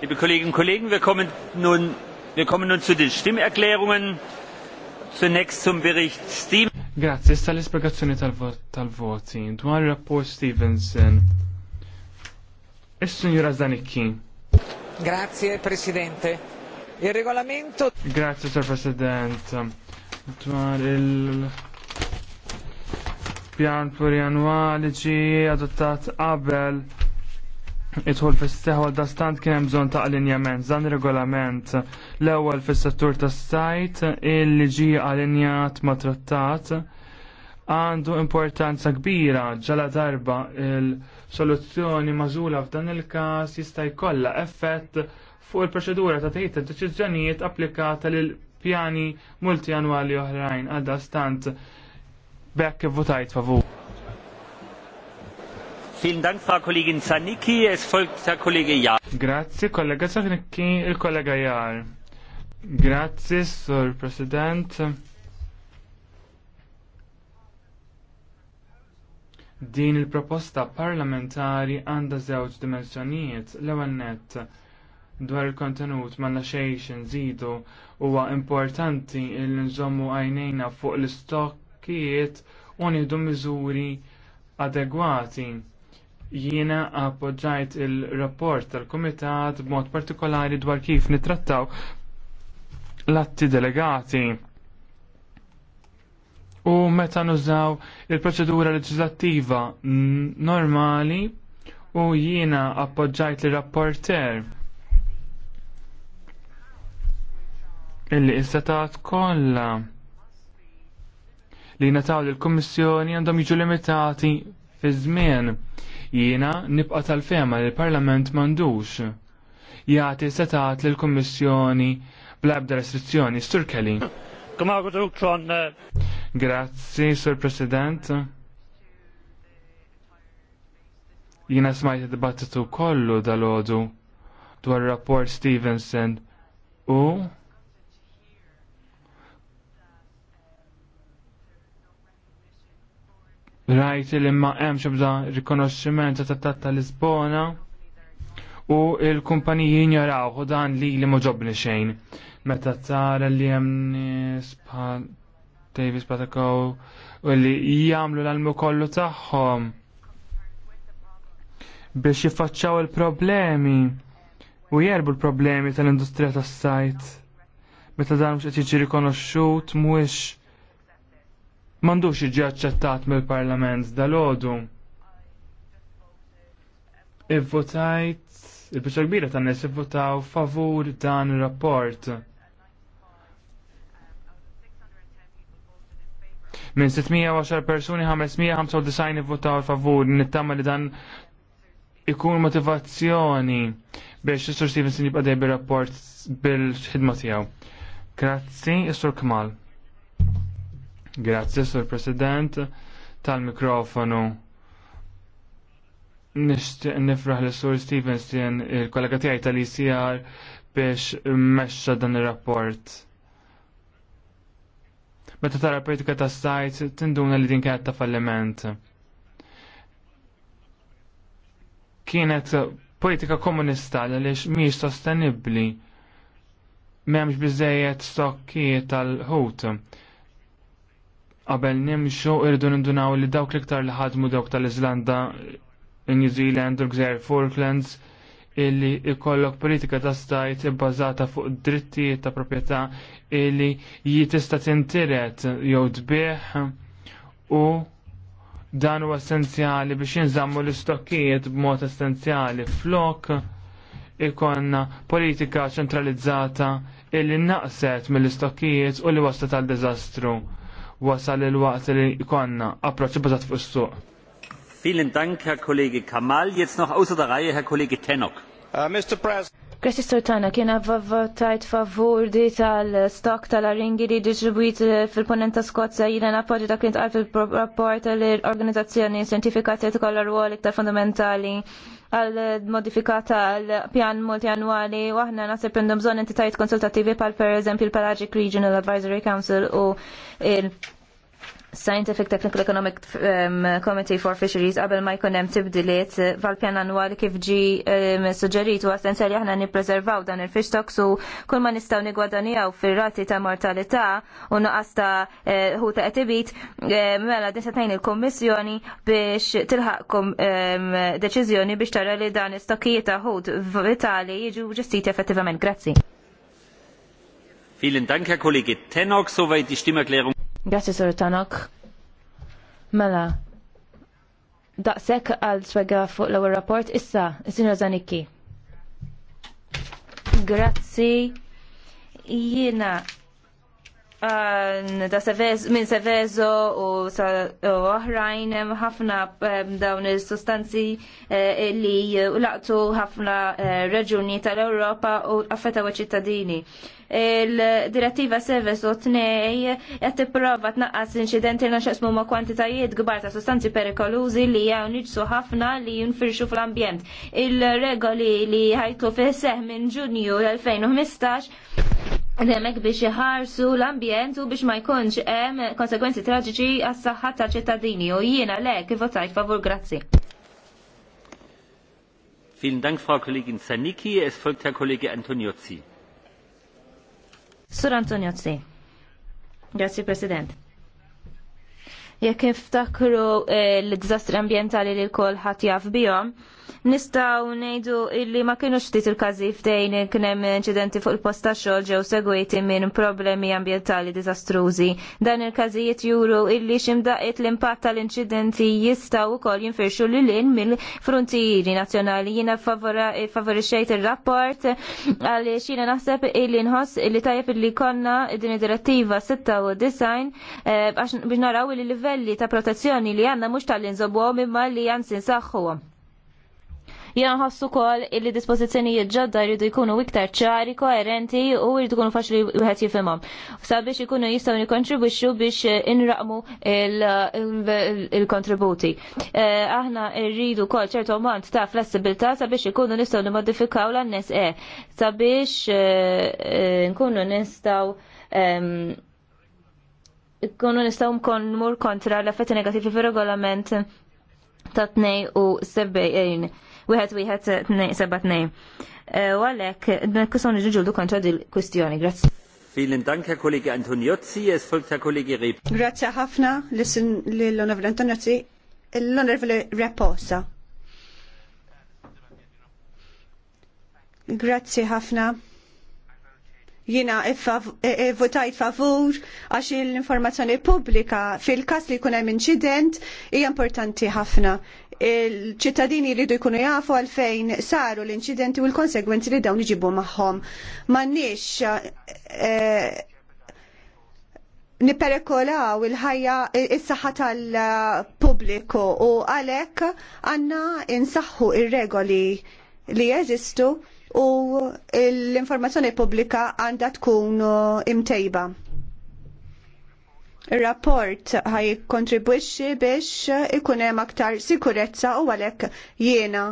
Liebe Kolleginnen und Kollegen, wir kommen nun, wir kommen nun zu den Stimmerklärungen. Zunächst zum Bericht Stevens. Grazie, sta l-espiegazzjoni tal-voti. Tal Dwar rapport Stevenson. is e signora Zanicki. Grazie, Presidente. Il regolamento... Grazie, Sir President. Dwar il pjan pluriannuali ġi adottat Abel idħol fis-seħ għal dastant kien hemm bżonn ta' allinjament. Dan regolament l-ewwel fis-settur tas-sajt illi ġi allinjat ma' trattat għandu importanza kbira ġala darba il-soluzzjoni mażula f'dan il-każ jista' jkollha effett fuq il-proċedura ta' id deċiżjonijiet applikata lil pjani multianwali oħrajn għal dastant bekk votajt favur. Vielen Dank, Frau Kollegin Zanicki. Es folgt Herr Kollege Jahr. Grazie, kollega Zanicki, il kollega Jahr. Grazie, Sir President. Din il-proposta parlamentari għandha żewġ dimensjonijiet l-ewwel nett dwar il-kontenut ma xejx żidu, huwa importanti li nżommu għajnejna fuq l-istokkijiet u nieħdu miżuri adegwati jiena appoġġajt il-rapport tal-Komitat b'mod partikolari dwar kif nitrattaw l-atti delegati. U meta nużaw il-proċedura leġislattiva normali u jiena appoġġajt il-rapporter illi istatat kollha li nataw l kummissjoni għandhom jiġu limitati fi żmien Jiena nibqa' tal-fema li l-Parlament m'għandux jagħti setat lill kummissjoni bl-ebda restrizzjoni. Sur Kelly. Grazzi, Sur President. Jiena smajt id-dibattitu kollu dal-ħodu dwar rapport Stevenson u Rajt li ma hemmx ebda rikonoxximent ta' tat ta' Lisbona u l-kumpaniji jinjaraw u dan li li ma ġobni xejn. Meta tara li hemm nies bħal Davis Patakow u li jagħmlu l-almu kollu tagħhom biex jiffaċċaw il-problemi u jerbu l-problemi tal-industrija tas-sajt. Meta dan mhux qed jiġi rikonoxxut mhuwiex mandux iġi aċċettat mill-Parlament dal-ħodu. Ivvotajt, il-bicċa kbira tan nies ivvotaw favur dan ir-rapport. Minn 610 persuni 595 ivvotaw favur, nittama li dan ikun motivazzjoni biex s sur Stevenson jibqa' dej bir-rapport bil-ħidma tiegħu. Grazzi, is-Sur Kmal. Grazzi, Sur President, tal-mikrofonu. nifraħ li Sur Stevenson, il-kollega tiegħi tal-ICR, biex mexxa dan ir-rapport. Meta tara politika ta' sajt, tinduna li din kienet ta' falliment. Kienet politika komunista li lix miex sostenibli. Memx bizzejiet stokki tal-ħut. Qabel nimxu irridu nindunaw li dawk l-iktar li ħadmu dawk tal-Iżlanda, New Zealand, u Gżer Falklands, illi ikollok politika ta' stajt bazata fuq drittijiet ta' proprjetà illi jitista' tintiret jew tbieħ u dan huwa essenzjali biex jinżammu l-istokkijiet b'mod essenzjali flok ikonna politika ċentralizzata illi naqset mill-istokkijiet u li wasta tal diżastru wasal il-waqt li ikonna approċċ bażat fuq is-suq. Vielen Dank, Herr Kollege Kamal. Jetzt noch außer der Reihe, Herr Kollege Tenok. Uh, Mr. President. Grazie Sortana, kien avvavvatajt favur di tal-stok tal-aringi li distribuit eh, fil-ponenta Skozja jina napoġi dak li tqal fil-rapport l-organizzazzjoni scientifika se tkollha rwol iktar fundamentali għal modifikata għal pjan multianwali u għahna nasib indom bżonn entitajiet konsultativi pal per eżempju il-Pelagic Regional Advisory Council u il- Scientific Technical Economic um, Committee for Fisheries qabel ma jkun hemm tibdiliet uh, fal-pjan annwali kif ġi um, suġġerit u essenzjali aħna nippreservaw dan il-fish stocks u kull ma nistgħu nigwadanijaw fir-rati ta' mortalità u nuqqas ta' hu uh, ta' etibit, um, mela din se il-Kummissjoni biex tilħaq deċiżjoni biex tara li dan stokkijiet ta' ħud vitali jiġu ġestiti effettivament. Grazzi. Vielen Dank, Herr Kollege Tenok. Soweit die Stimmerklärung. Grazzi sir Tanok. Mela, daqsek għal swega fuq l-ewwel rapport issa, is-Sinjor Zanikki. Grazzi. Jiena da minn Sevezo u oħrajn hemm ħafna dawn il-sustanzi eh, li eh, laqtu ħafna eh, reġuni tal-Ewropa u affettaw ċittadini. Il-direttiva Sevezo 2 qed tipprova tnaqqas inċidenti li xesmu ma' kwantitajiet kbar ta' sustanzi perikolużi li jgħu nġsu ħafna li jinfirxu fl-ambjent. Il-regoli li ħajtu fis seħ minn Ġunju 2015 Nemek biex jħarsu l-ambjent u biex ma jkunx hemm konsekwenzi traġiċi għas saħħa ta' ċittadini u jiena lek votajt favur grazzi. Vielen Dank, Frau Kollegin Zanicki. Es folgt Herr Kollege Antoniozzi. Sur Antoniozzi. Grazie, President. Jekk takru eh, l-dizastri ambientali li l-kol ħat jaf bihom, Nistaw nejdu illi ma kienu xtit il-kazi f'dejn kien hemm inċidenti fuq il-posta xogħol ġew segwiti minn problemi ambjentali diżastrużi. Dan il-każijiet juru illi ximdaqet l-impatt tal-inċidenti jistaw ukoll jinfirxu l in mill-frontieri nazzjonali. Jiena favorixxejt ir-rapport għalli xina naħseb illi nħoss illi tajjeb illi konna din id-direttiva 96 eh, biex naraw il-livelli ta' protezzjoni li għandna mhux tal-inżobuhom imma li għansin saħħu. Janħassu kol illi dispożizzjonijiet ġodda jridu jkunu iktar ċari, koerenti u jridu jkunu faċli wieħed jifhimhom. Sabiex ikunu jistgħu nikkontribwixxu biex inraqmu il-kontributi. Eh, aħna rridu kol ċertu ammont ta' flessibilta sabiex ikunu nistgħu nimmodifikaw l-annes e sabiex eh, eh, nkunu nistgħu ehm, kunu nistaw mkon mur kontra l-effetti negativi fil regolament ta' 72 wieħed wieħed eh, seba' tnejn. Eh, u għalhekk nikkussjoni ġiġuldu kontra il kwistjoni. Grazzi. Vielen Dank, Herr Kollege Antoniozzi. Es folgt Herr Kollege Reb. Grazie Hafna. Listen, l'onorevole Antoniozzi. L'onorevole Reposa. Grazie Hafna jina e- e- votajt favur għax l-informazzjoni pubblika fil-kas li jkun hemm inċident hija importanti ħafna. Il-ċittadini jridu jkunu jafu għalfejn saru l-inċidenti u l-konsegwenzi li dawn iġibu magħhom. M'għandniex e, niperekolaw il-ħajja is-saħħa tal-pubbliku u għalhekk għandna insaħħu ir-regoli li jeżistu u l-informazzjoni pubblika għandha tkun imtejba. Il-rapport ħaj kontribwixxi biex ikun hemm aktar sikurezza u għalhekk jiena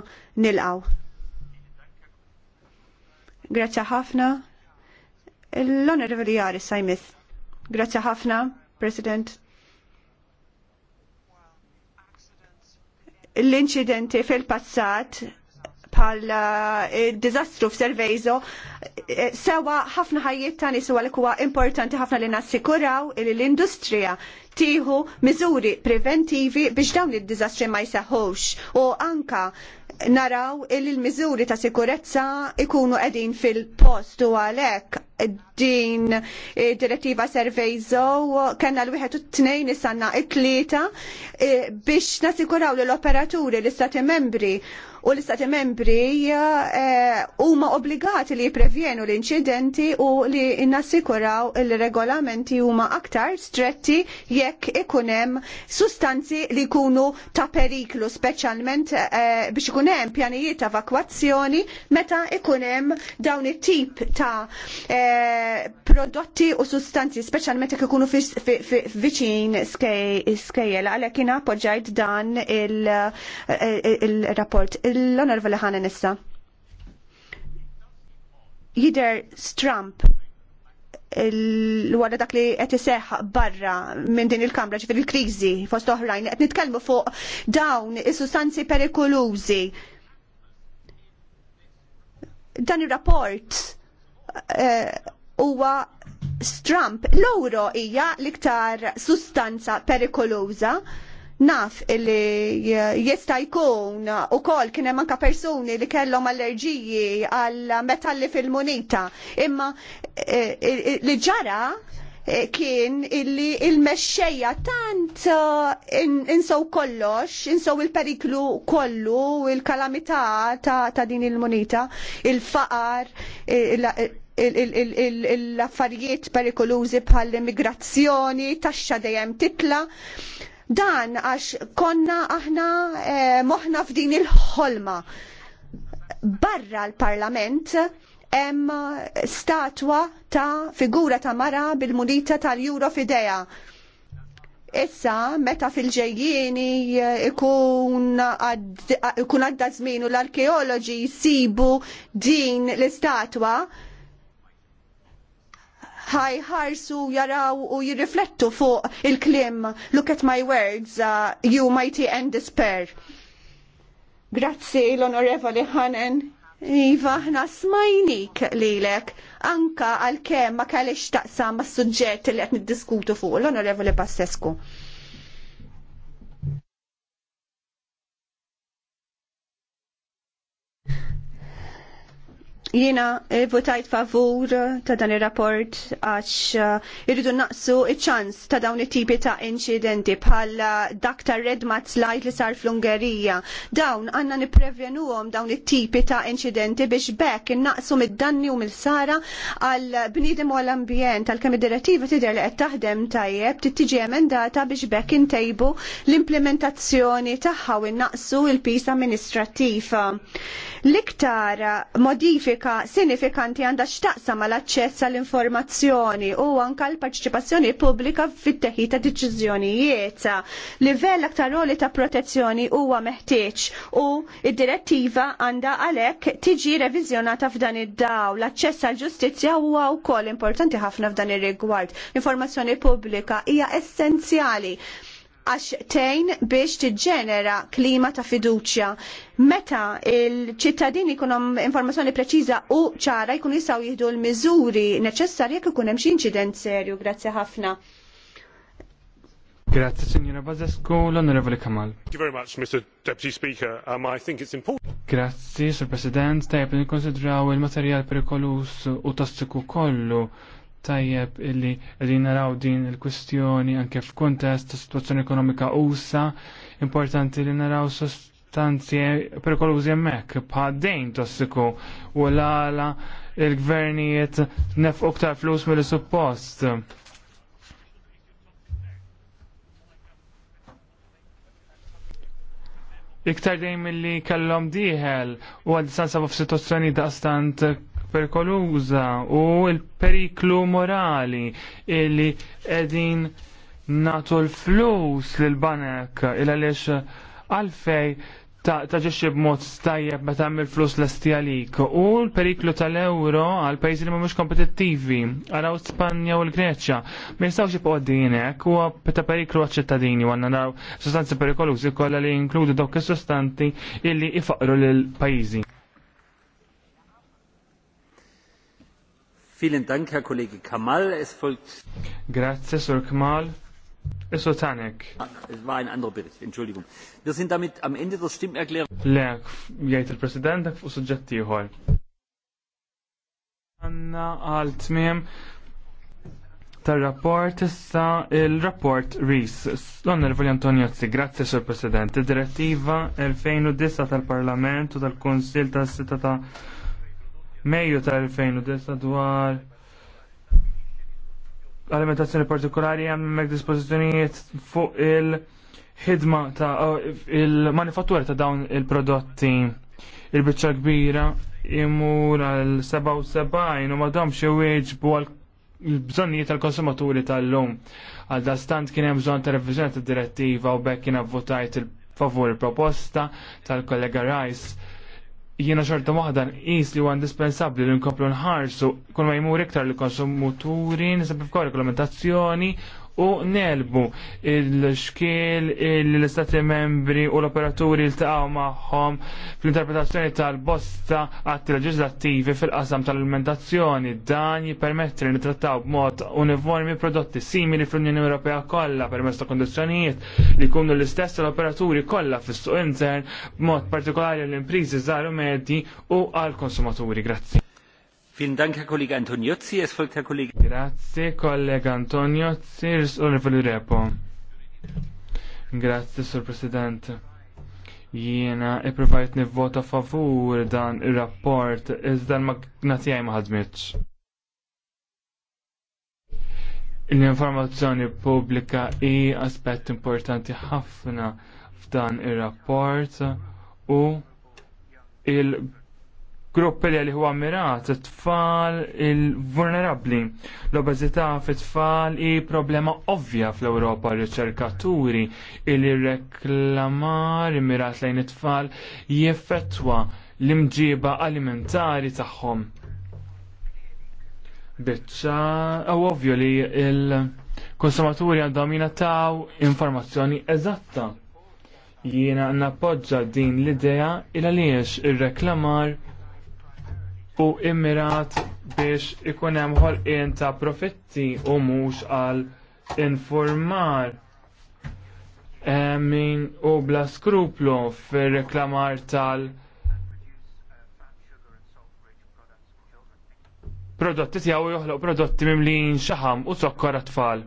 nilqgħu. Grazzi ħafna. L-Onorevoli Jari Sajmith. Grazzi ħafna, President. l inċidenti fil-passat bħal eh, dizastru f'Servejzo eh, sewa ħafna ħajjiet ta' sewa li huwa importanti ħafna li nassikuraw li l-industrija tieħu miżuri preventivi biex dawn id-diżastri ma jseħħux u anka naraw il l-miżuri ta' sikurezza ikunu qegħdin fil-post u għalhekk din direttiva Servejzo kellna l-wieħed u t-tnejn sanna it-tlieta eh, biex nassikuraw lill operaturi l-istati membri u l-istati membri eh, huma uh, obbligati li jiprevjenu l-inċidenti u li nassikuraw il-regolamenti huma aktar stretti jekk ikun hemm sustanzi li jkunu ta' periklu speċjalment uh, biex ikun hemm pjanijiet ta' evakwazzjoni meta ikunem hemm dawn it-tip ta' eh, prodotti u sustanzi speċjalment jekk ikunu viċin skejjel għalhekk kien appoġġajt dan il-rapport. il rapport l-onorvoli ħana nissa. Jider Strump, l-għada dak li qed iseħħ barra minn din il-kamra ġifir il-kriżi fost oħrajn qed nitkellmu fuq dawn is-sustanzi perikolużi. Dan ir-rapport eh, huwa Strump l-ewro hija l-iktar sustanza perikoluża naf illi jista jkun u kol hemm anke persuni li kellhom allerġiji għal metalli fil-munita imma e, e, e, li ġara kien illi il-mexxejja tant insow kollox, insow il-periklu kollu, il-kalamità ta' din il-munita, il-faqar, l-affarijiet perikolużi bħall-immigrazzjoni, taxxa dejjem titla' Dan għax konna aħna eh, moħna f'din il-ħolma. Barra l-parlament hemm statwa ta' figura ta' mara bil-munita tal juro Fidea. Issa, meta fil-ġejjieni eh, ikun għadda żmien u l-arkeoloġi jsibu din l-istatwa, ħarsu, jaraw u jirriflettu fuq il-klim Look at my words, uh, you mighty and despair. Grazzi l-onorevoli Hanen. Iva, ħna smajnik lilek, anka għal-kem ma kellix taqsam ma' suġġett li għet niddiskutu fuq l-onorevoli Bassesku. Jiena eh, votajt favur eh, ta' dan ir-rapport għax eh, irridu naqsu iċ-ċans ta' dawn it-tipi ta' inċidenti bħal dak ta' Red Mat Slide li sar fl-Ungerija. Dawn għandna nipprevjenuhom dawn it-tipi ta' inċidenti biex bekk innaqsu mid-danni u mill-sara għal bniedem u għall-ambjent għal kemm id-direttiva tidher li qed taħdem tajjeb tittiġi emendata biex bekk intejbu l-implementazzjoni tagħha u innaqsu l-pis amministrattiv. L-iktar modifika verifika sinifikanti għandha x'taqsam mal aċċess għall informazzjoni u anke l-parċipazzjoni pubblika fit-teħid ta' deċiżjonijiet. Livell aktar roli ta' protezzjoni huwa meħtieġ u id-direttiva għandha għalhekk tiġi reviżjonata f'dan id-daw. L-aċċess għall ġustizzja huwa wkoll importanti ħafna f'dan ir-rigward. Informazzjoni pubblika hija essenzjali għax tejn biex tiġġenera klima ta' fiduċja. Meta il-ċittadini jkunhom informazzjoni preċiża u ċara jkunu jistgħu jieħdu l-miżuri neċessarji jekk ikun hemm xi inċident serju. Grazzi ħafna. Grazie signora Bazesco, l'onorevole Kamal. Thank you very much, Mr. Deputy Speaker. Um, I think it's important. Grazie, Sir President. Tajab, nikonsidraw il-materjal perikolus u tassiku kollu tajjeb illi rinaraw din il-kwistjoni anke f'kuntest ta' situazzjoni ekonomika usa, importanti li naraw sostanzi perikolużi hemmhekk bħal dejn tossiku u l-għala il-gvernijiet nefqu ktar flus mill suppost. Iktar dejjem milli kellhom diħel u għal distanza f'sitwazzjoni daqstant perikoluża u l-periklu morali illi qegħdin natu l-flus l-banek il-għalix għalfej taġiċi b-mod stajjeb ma tagħmel flus l għalik u l-periklu tal-euro għal pajjiżi li mhumiex kompetittivi għaraw Spanja u l-Greċja ma jistgħux jibqgħu għaddinek u ta' periklu għaċ-ċittadini għanna naraw sostanzi perikolużi kollha li inkludu dawk is-sostanti illi ifaqru l pajjiżi. Vielen Dank, Herr Kollege Kamal. Es folgt. Grazie, Sir Kamal. Es ah, Es war ein anderer Bericht, Entschuldigung. Wir sind damit am Ende der Stimmerklärung. jgħid il-President fuq suġġett Anna għal tmiem tar-rapport issa il-rapport RIS. L-Onorevoli Zzi, grazie Sir President. Direttiva 2009 tal-Parlament u tal-Konsil tas sitata Mejju tal-2009 dwar alimentazzjoni partikolari għammek dispozizjoniet fuq il-ħidma ta' il-manifattura ta' dawn il-prodotti il-bicċa kbira imur għal 77 u madam iwieġbu wieġbu għal bżonnijiet tal-konsumaturi tal-lum. Għal dastant kien hemm bżonn ta' revizjoni tad direttiva u bekk kien avvutajt il-favur il-proposta tal-kollega Rice jiena xorta waħda nqis li huwa indispensabbli li nkomplu nħarsu kull ma jmur iktar li konsumuturi nisab f'korri regolamentazzjoni u nelbu il-xkiel l-istati membri u l-operaturi l-taqaw maħħom fl-interpretazzjoni tal-bosta għatti leġislattivi fil-qasam tal-alimentazzjoni dan jipermetti li nitrattaw b'mod uniformi prodotti simili fl-Unjoni Ewropea kollha permezz ta' kondizzjonijiet li jkunu l-istess l-operaturi kollha fis-suq intern b'mod partikolari l-imprizi żgħar u medji u għall-konsumaturi. Grazzi. Vielen Dank, Herr Antoniozzi. Es folgt Herr Kollege. Grazie, Kollege Antoniozzi. Onorevole Repo. Grazie, Sur President. Jiena ipprovajt nivvota favur dan ir-rapport iżda l-magnatijaj ma ħadmitx. L-informazzjoni pubblika hi aspett importanti ħafna f'dan ir-rapport u il- Gruppi li huwa mirat, tfal il-vulnerabli. L-obezità fit tfal i problema ovvja fl-Europa riċerkaturi li reklamar mirat lejn it-tfal jiffetwa l-imġiba alimentari tagħhom. Bicċa, għaw ovvju li il-konsumaturi għandhom taw informazzjoni eżatta. Jiena nappoġġa din l-idea il-għaliex ir-reklamar il għaliex il reklamar u immirat biex ikun hemm ħolqien ta' profitti u mhux għal informar min u bla skruplu fir-reklamar tal- prodotti tiegħu joħloq prodotti mimlin xaħam u sokkor tfal.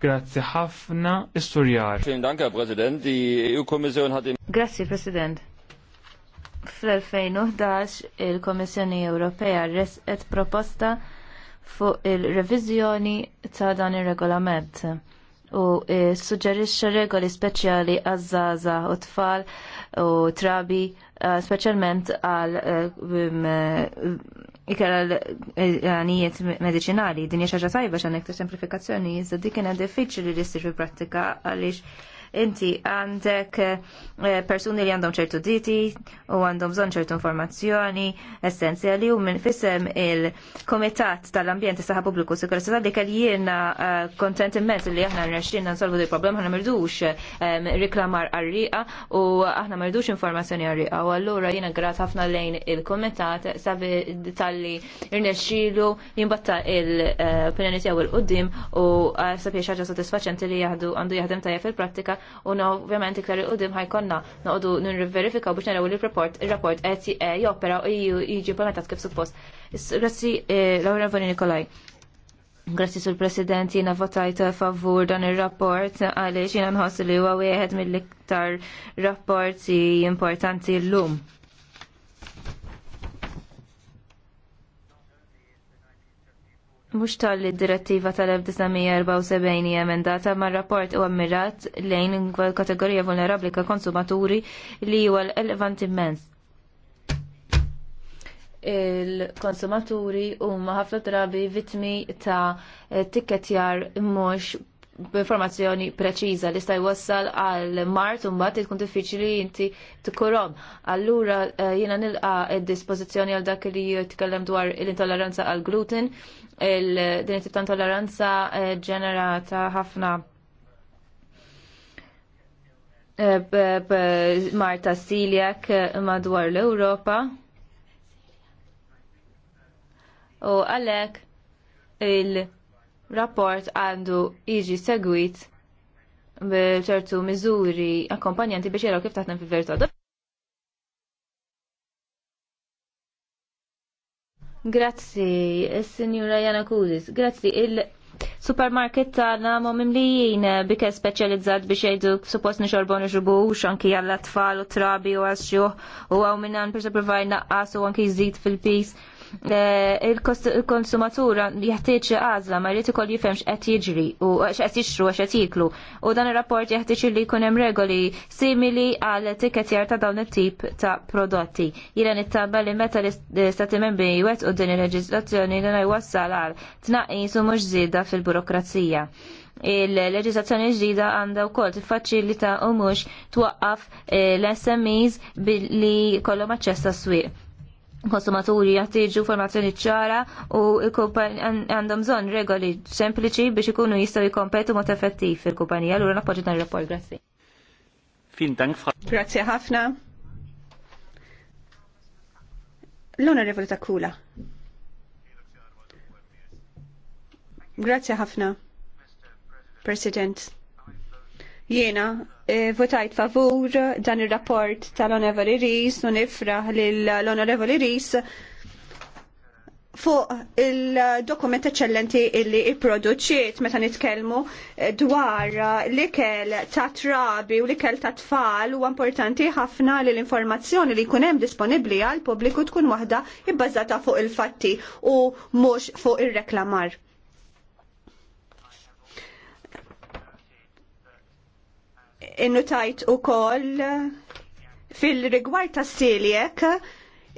Grazzi ħafna, Isturjar. E Grazzi President. Fl-2011 il-Komissjoni Ewropea resqet proposta fuq il-reviżjoni ta' dan ir-regolament u e, suġġerixxa regoli speċjali għaż-żaża u tfal u trabi e, speċjalment għal e, ikel għanijiet medicinali. Din hija xi ħaġa tajba x'għandek ta' semplifikazzjoni, iżda dik kienet diffiċli li ssir fil-prattika għaliex inti għandek eh, persuni li għandhom ċertu diti u għandhom bżonn ċertu informazzjoni essenzjali u minn fissem il-Komitat tal-Ambjent Saħa Pubbliku Sikurezza dik li jiena eh, kontent immens li aħna rnexxinna nsolvu di problem aħna mirdux eh, riklamar għarriqa u aħna mirdux informazzjoni għarriqa u allura jiena grat ħafna lejn il-Komitat sabi tal-li rnexxilu jimbatta il-opinjoni u il-qudiem u sabiex ħaġa satisfaċenti li għandu jaħdem tajja fil-prattika u ovvjament iktar il-qudiem ħajkonna noqogħdu nirriverifikaw biex naraw li l-rapport ir-rapport qed eh, jopera u jiġi implementat kif suppost. Grazzi eh, Laura Vani Nikolaj. Grazzi sul President jiena votajt favur dan ir-rapport għaliex jiena nħossu li huwa wieħed mill-iktar rapporti importanti llum. mux tal-direttiva tal-1974 emendata ma' rapport u ammirat lejn kategorija vulnerabli ka' konsumaturi li huwa l-elevant immens. Il-konsumaturi huma ħafna drabi vitmi ta' tikketjar mhux b'informazzjoni preċiża li sta' jwassal għal mart u mbagħad tkun diffiċli inti tkurhom. Allura eh, jiena nilqa' d-dispożizzjoni għal dak li jitkellem dwar l-intolleranza għal gluten din it ta' tolleranza eh, ġenerata ħafna eh, Marta Siljak eh, madwar l-Europa. U għalek il-rapport għandu iġi segwit b'ċertu miżuri akkompanjanti biex jaraw kif taħdem fil-verità. Grazzi, signora Jana Kudis. Grazzi, il-supermarket tagħna ma mimlijin bike speċjalizzat biex jgħidu suppost nixorbu u anki għall tfal u trabi u għasġu u għaw minnan per provajna naqqas u anki jżid fil-pis. Eh, il-konsumatura jeħtieġ għażla ma jrid ikoll jifhem x'qed jiġri u x'qed jixtru qed jiklu. U dan ir-rapport jeħtieġ li jkun hemm regoli simili għal tikketjar ta' dawn it-tip ta' prodotti. Jiena nittama li meta l-Istati Membri jwettqu din il leġislazzjoni li jwassal għal tnaqqis u mhux żieda fil-burokrazija il-leġizazzjoni ġdida għandha wkoll tiffaċilita u mhux twaqqaf eh, l-SMEs billi kollhom aċċess tas-swieq konsumaturi jattiġu formazzjoni ċara u għandhom bżonn regoli sempliċi biex ikunu jistgħu jikompetu mod effettiv fil-kumpanija. Allura napoġi dan il rapport grazzi. Fin dank Grazzi ħafna. L-Onorevoli Takula. Grazzi ħafna. President. Jena E, votajt favur dan il-rapport tal-Onorevoli Ris u nifraħ l-Onorevoli Ris fuq il-dokument eccellenti illi i-produċiet meta nitkellmu dwar l-ikel ta' trabi u l-ikel ta' tfal u importanti ħafna li l-informazzjoni li kunem disponibli għal pubbliku tkun waħda ibbażata fuq il-fatti u mhux fuq ir reklamar innutajt u koll fil-rigward ta' siljek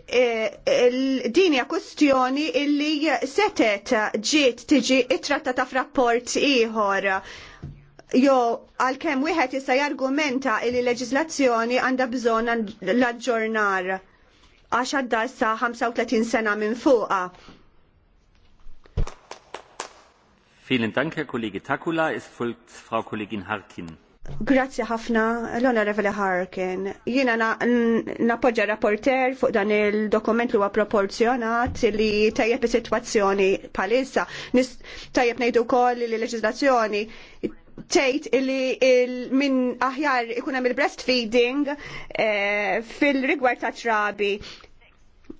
e, dinja kustjoni illi setet ġiet tiġi ta' f'rapport ieħor. Jo, għalkemm wieħed jista' jargumenta illi leġiżlazzjoni għandha bżonn l-aġġornar għax għaddar sa 35 sena minn fuqa. Vielen Dank, Herr Kollege Takula. Es folgt Frau Kollegin Harkin. Grazzi ħafna l-Onorevole Harkin. Jiena napoġġa rapporter fuq dan il-dokument li huwa proporzjonat li tajjeb is-sitwazzjoni bħalissa. Tajjeb ngħidu wkoll li leġiżlazzjoni tgħid li il minn aħjar ikun hemm il-breastfeeding eh, fil-rigward ta' trabi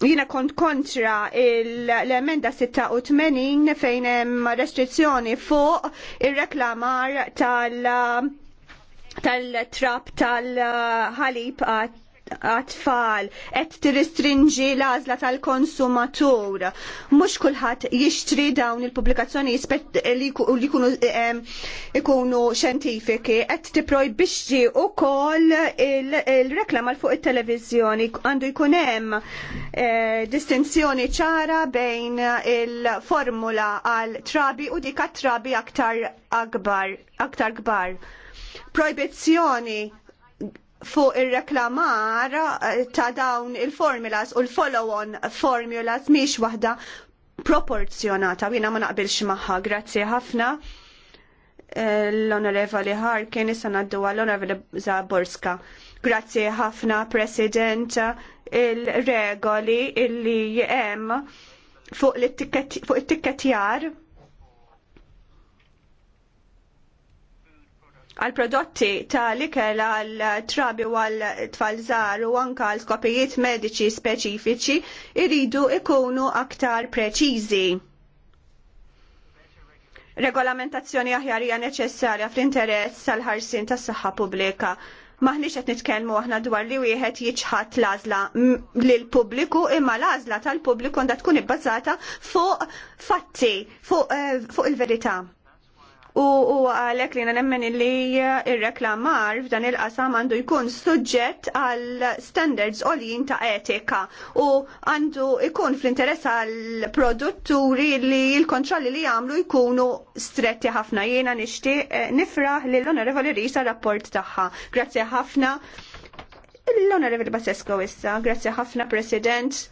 jina kont kontra l-emenda 86 fejn hemm restrizzjoni fuq ir-reklamar tal- tal-trap tal-ħalib għat-tfal, qed tirristrinġi l-għażla tal-konsumatur. Mhux kulħadd jixtri dawn il-pubblikazzjoni li jkunu ikunu xjentifiki, qed tipprojbixxi wkoll il-reklama fuq it-televiżjoni għandu jkun hemm eh, distinzjoni ċara bejn il-formula għal trabi u dik trabi aktar akbar. Aktar kbar. Proibizzjoni fuq ir-reklamar ta' dawn il-formulas u l-follow-on formulas miex waħda proporzjonata. Jina ma naqbilx maħħa, grazzi ħafna eh, l-Onorevoli Harkin, issa naddu għall-Onorevoli Zaborska. Grazzi ħafna, President, il-regoli illi jem fuq it-tikketjar għal prodotti ta' likel għal trabi u għal tfalżar u anka għal skopijiet mediċi speċifiċi iridu ikunu aktar preċiżi. Regolamentazzjoni aħjarija neċessarja fl-interess tal-ħarsin tas saħħa pubblika. Maħniċ qed nitkellmu aħna dwar li wieħed jiċħat l-għażla lil pubbliku imma l-għażla tal-pubbliku għandha tkun ibbażata fuq fatti, fuq eh, il-verità u għalhekk li nemmen li ir-reklamar f'dan il-qasam għandu jkun suġġett għal standards għoljin ta' etika u għandu jkun fl-interess għal produtturi li l-kontrolli li għamlu jkunu stretti ħafna jiena nixtieq eh, nifraħ lill onorevoli Risa rapport tagħha. Grazzi ħafna l-Onorevoli Basesko issa, grazzi ħafna President.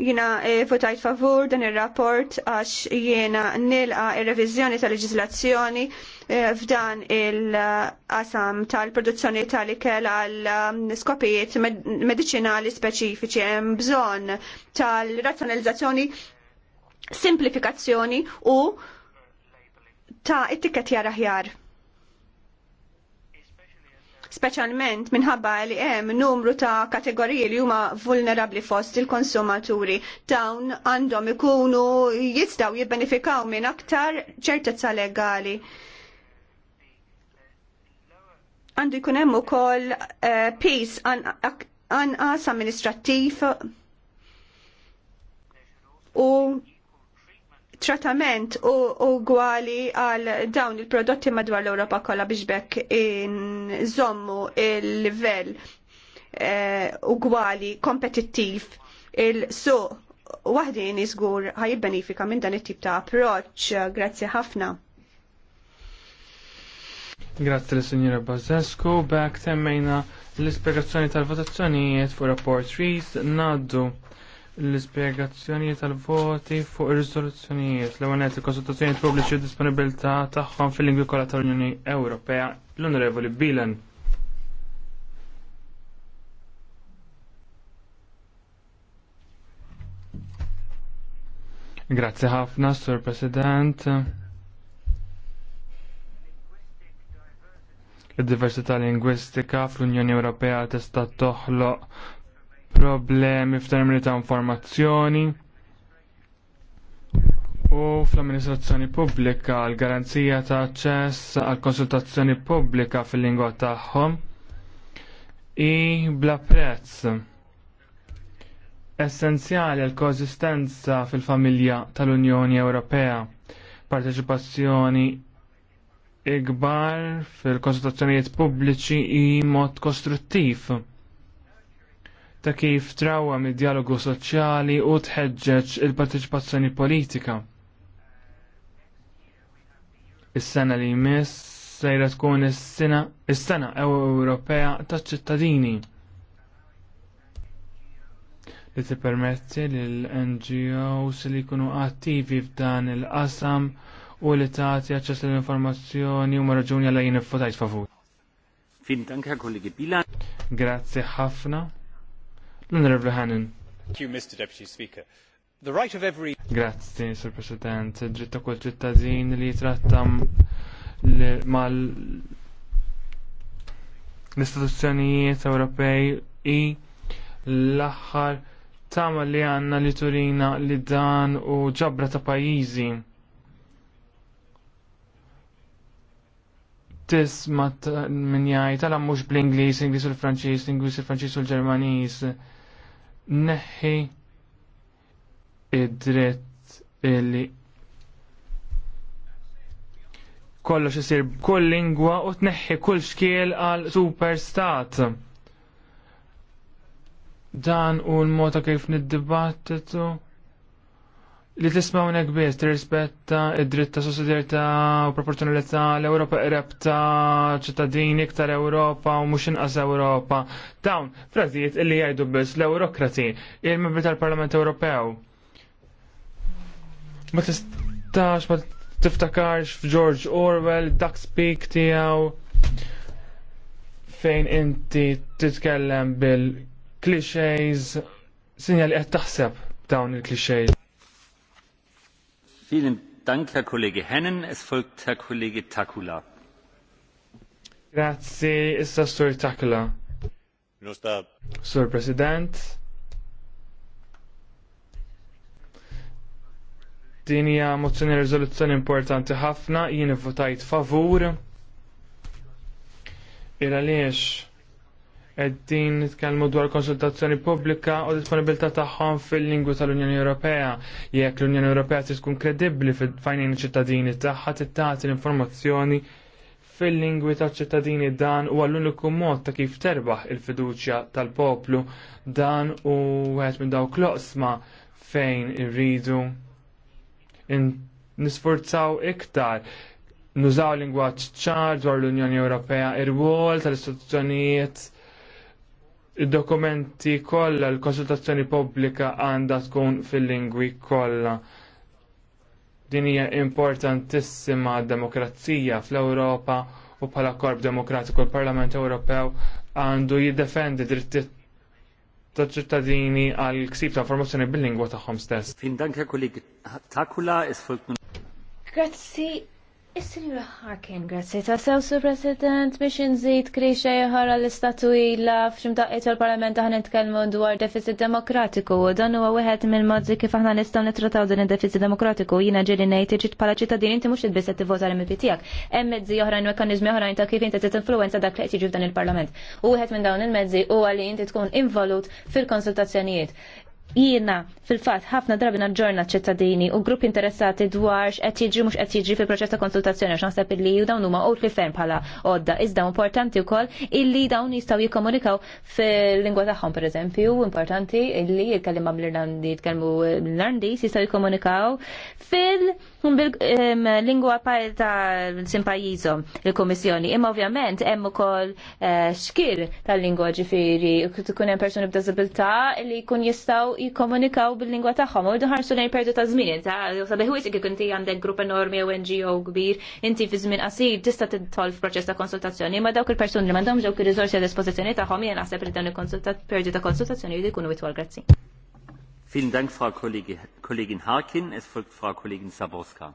Jina eh, votajt favur dan il-rapport għax jiena nilqa il-revizjoni tal-leġizlazzjoni eh, f'dan il-qasam tal-produzzjoni tal-ikel għal mm, skopijiet medicinali speċifiċi hemm bżonn tal-razzjonalizzazzjoni, simplifikazzjoni u ta' ittiket jara speċjalment minħabba li hemm numru ta' kategoriji li huma vulnerabbli fost il-konsumaturi. Dawn għandhom ikunu jistgħu jibbenefikaw minn aktar ċertezza legali għandu jkun hemm ukoll eh, peace anqas amministrattiv u trattament ugwali għal dawn il-prodotti madwar l-Europa kollha biex bekk inżommu il-livell eh, ugwali kompetittiv il-suq waħdin iżgur ħajibbenifika minn dan it-tip ta' approċċ. Grazzi ħafna. Grazzi l Signora Bazzesku. back temmejna l ispirazzjoni tal-votazzjonijiet fuq rapport Rees naddu l ispjegazzjonijiet tal-voti fuq ir-riżoluzzjonijiet l ewwel il-konsultazzjoni pubbliċi u disponibilità tagħhom fil-lingwi kollha tal-Unjoni Ewropea l-Onorevoli Bilen. Grazzi ħafna, Sur President. Id-diversità lingwistika fl-Unjoni Ewropea tista' toħloq problemi f'termini ta' informazzjoni u fl-amministrazzjoni pubblika l-garanzija ta' aċċess għal konsultazzjoni pubblika fil-lingwa tagħhom i bla prezz essenzjali għal koesistenza fil-familja tal-Unjoni Ewropea parteċipazzjoni ikbar fil-konsultazzjonijiet pubbliċi i mod kostruttiv ta' kif trawwa mid-dialogu soċjali u tħeġġeġ il-parteċipazzjoni politika. Is-sena li jmiss sejra tkun is-sena is-sena Ewropea taċ-ċittadini li tippermetti lil NGOs li jkunu attivi f'dan il-qasam u li tagħti aċċess l-informazzjoni u raġuni għal jien iffodajt favur. Fin tanka kollegi Bilan. Grazzi ħafna. L-Onorevole Hannan. Grazzi, Sir President. Dritta kull ċittadin li jitrattam mal l-istituzzjonijiet Ewropej i l-aħħar tama li għanna li turina li dan u ġabra ta' pajizi. Tisma minn jgħid tal mhux bl-Ingliż, Ingliż u l franċis Inglis u l-Franċiż u l-Ġermaniż neħħi id-dritt li kollox isir kull lingwa u tneħħi kull xkiel għal superstat. Dan u l-mota kif nid-dibattitu li tisma' hawnhekk biss tirrispetta id-dritt ta' sussidjarjetà u proporzjonalità l-Ewropa ta' ċittadini iktar Ewropa u mhux inqas Ewropa. Dawn frażijiet illi jgħidu biss l-ewrokrati, il-membri tal-Parlament Ewropew. Ma tistax ma tiftakarx f'George Orwell, dak speak tiegħu fejn inti titkellem bil sinja li qed taħseb dawn il-clichés. Grazie, issa Sur Takula. Sur President. Din hija mozzjoni riżoluzzjoni importanti ħafna, jien votajt favur. għaliex Eddin nitkellmu dwar konsultazzjoni pubblika u disponibilità tagħhom fil-lingwi tal-Unjoni Ewropea. Jekk l-Unjoni Ewropea tkun kredibbli fil-fajnin ċittadini tagħha tittati l-informazzjoni fil-lingwi tal-ċittadini dan huwa l-uniku mod ta' kif terbaħ il-fiduċja tal-poplu dan u wieħed minn dawk kloqsma fejn irridu nisforzaw iktar nużaw lingwaġġ ċar dwar l-Unjoni Ewropea, ir-wol tal-istituzzjonijiet Id-dokumenti kollha l-konsultazzjoni pubblika għandha tkun fil-lingwi kollha. Din hija importantissima demokrazija fl-Ewropa u bħala korp demokratiku l-Parlament Ewropew għandu jiddefendi drittijiet ta' ċittadini għal ksib ta' informazzjoni bil-lingwa tagħhom stess. Fin Takula Grazzi Is-Sinjura Harkin, grazzi ta' sew su President biex nżid krixa jħara l-istatwila f'ximtaqqiet il parlament aħna nitkellmu dwar deficit demokratiku u dan huwa wieħed mill-mozzi kif aħna nistgħu nittrataw din id-deficit demokratiku jiena ġieli ngħid iġid bħala ċittadin inti mhux tbiss qed tivvota l-MP tiegħek. Hemm mezzi oħrajn mekkaniżmi oħrajn ta' kif inti qed influwenza dak li qed jiġu f'dan il-Parlament. U wieħed minn dawn il-mezzi huwa li inti tkun involut fil-konsultazzjonijiet jiena fil-fatt ħafna drabi naġġorna ċittadini u grupp interessati dwar x'qed jiġri mhux qed jiġri fil-proċess ta' konsultazzjoni għax naħseb illi dawn huma utli ferm bħala għodda. Iżda importanti wkoll illi dawn jistgħu jikkomunikaw fil-lingwa tagħhom pereżempju, importanti illi jitkellem bl-Irlandi, jitkellmu l irlandis jistgħu jikkomunikaw fil- lingwa ta' sin pajjiżhom il-Kummissjoni. Imma ovvjament hemm ukoll eh, xkil tal-lingwa ġifieri tkun hemm persuni b'diżabilità li jkun jistgħu jikkomunikaw bil-lingwa tagħhom u ħarsu sunej perdu ta' żmien ta' sabiħwis kif inti għandek grupp enormi u NGO kbir inti fi żmien qasir tista' tidħol f'proċess ta' konsultazzjoni ma' dawk il-persuni li m'għandhomx dawk ir-riżorsi għal dispożizzjoni tagħhom jien naħseb li dan il-perdu ta' konsultazzjoni jridu jkunu itwal grazzi. Vielen Dank, Frau Kollegin Harkin. Es folgt Frau Kollegin Saborska.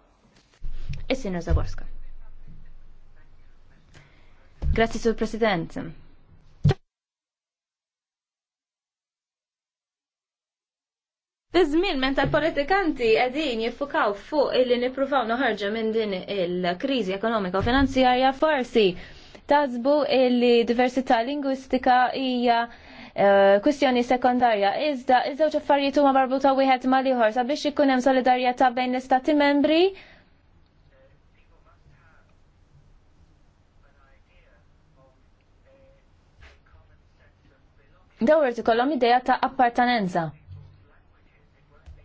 Es sinna Saborska. Grazie, Sur President. Fi żmien meta l-politikanti qegħdin jiffukaw fuq illi nippruvaw noħarġa minn din il-kriżi ekonomika u finanzjarja forsi tazbu illi diversità lingwistika hija eh, kwistjoni sekundarja. Iżda, iż-żewġ affarijiet huma marbuta wieħed mal ieħor sabiex ikun hemm solidarjetà bejn l-istati membri. Dawrti ikollhom idea ta' appartenenza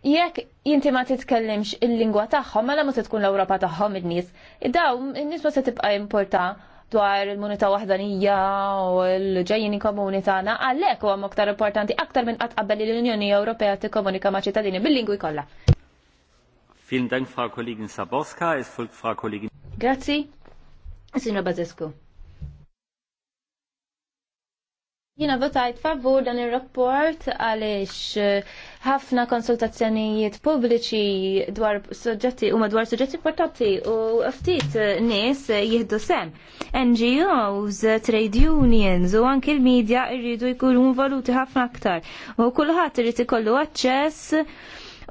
jekk jinti ma titkellimx il-lingwa tagħhom, mela ma se tkun l-Ewropa tagħhom in nies Daw in-nies ma se tibqa' importa dwar il-munita waħdanija u l-ġejjini komuni tagħna, għalhekk huwa aktar importanti aktar minn qatt qabel l-Unjoni Ewropea tikkomunika ma' ċittadini bil-lingwi kollha. Vielen Dank, Frau Kollegin Saborska. Es folgt Frau Kollegin. Grazie. Signor Bazescu. Jina votajt favur dan il-rapport għalix eh, ħafna konsultazzjonijiet pubbliċi dwar soġġetti u madwar soġġetti importanti u ftit eh, nies eh, jihdu sem. NGOs, trade unions u anke l-medja irridu jkunu valuti ħafna aktar. U kulħadd irid ikollu aċċess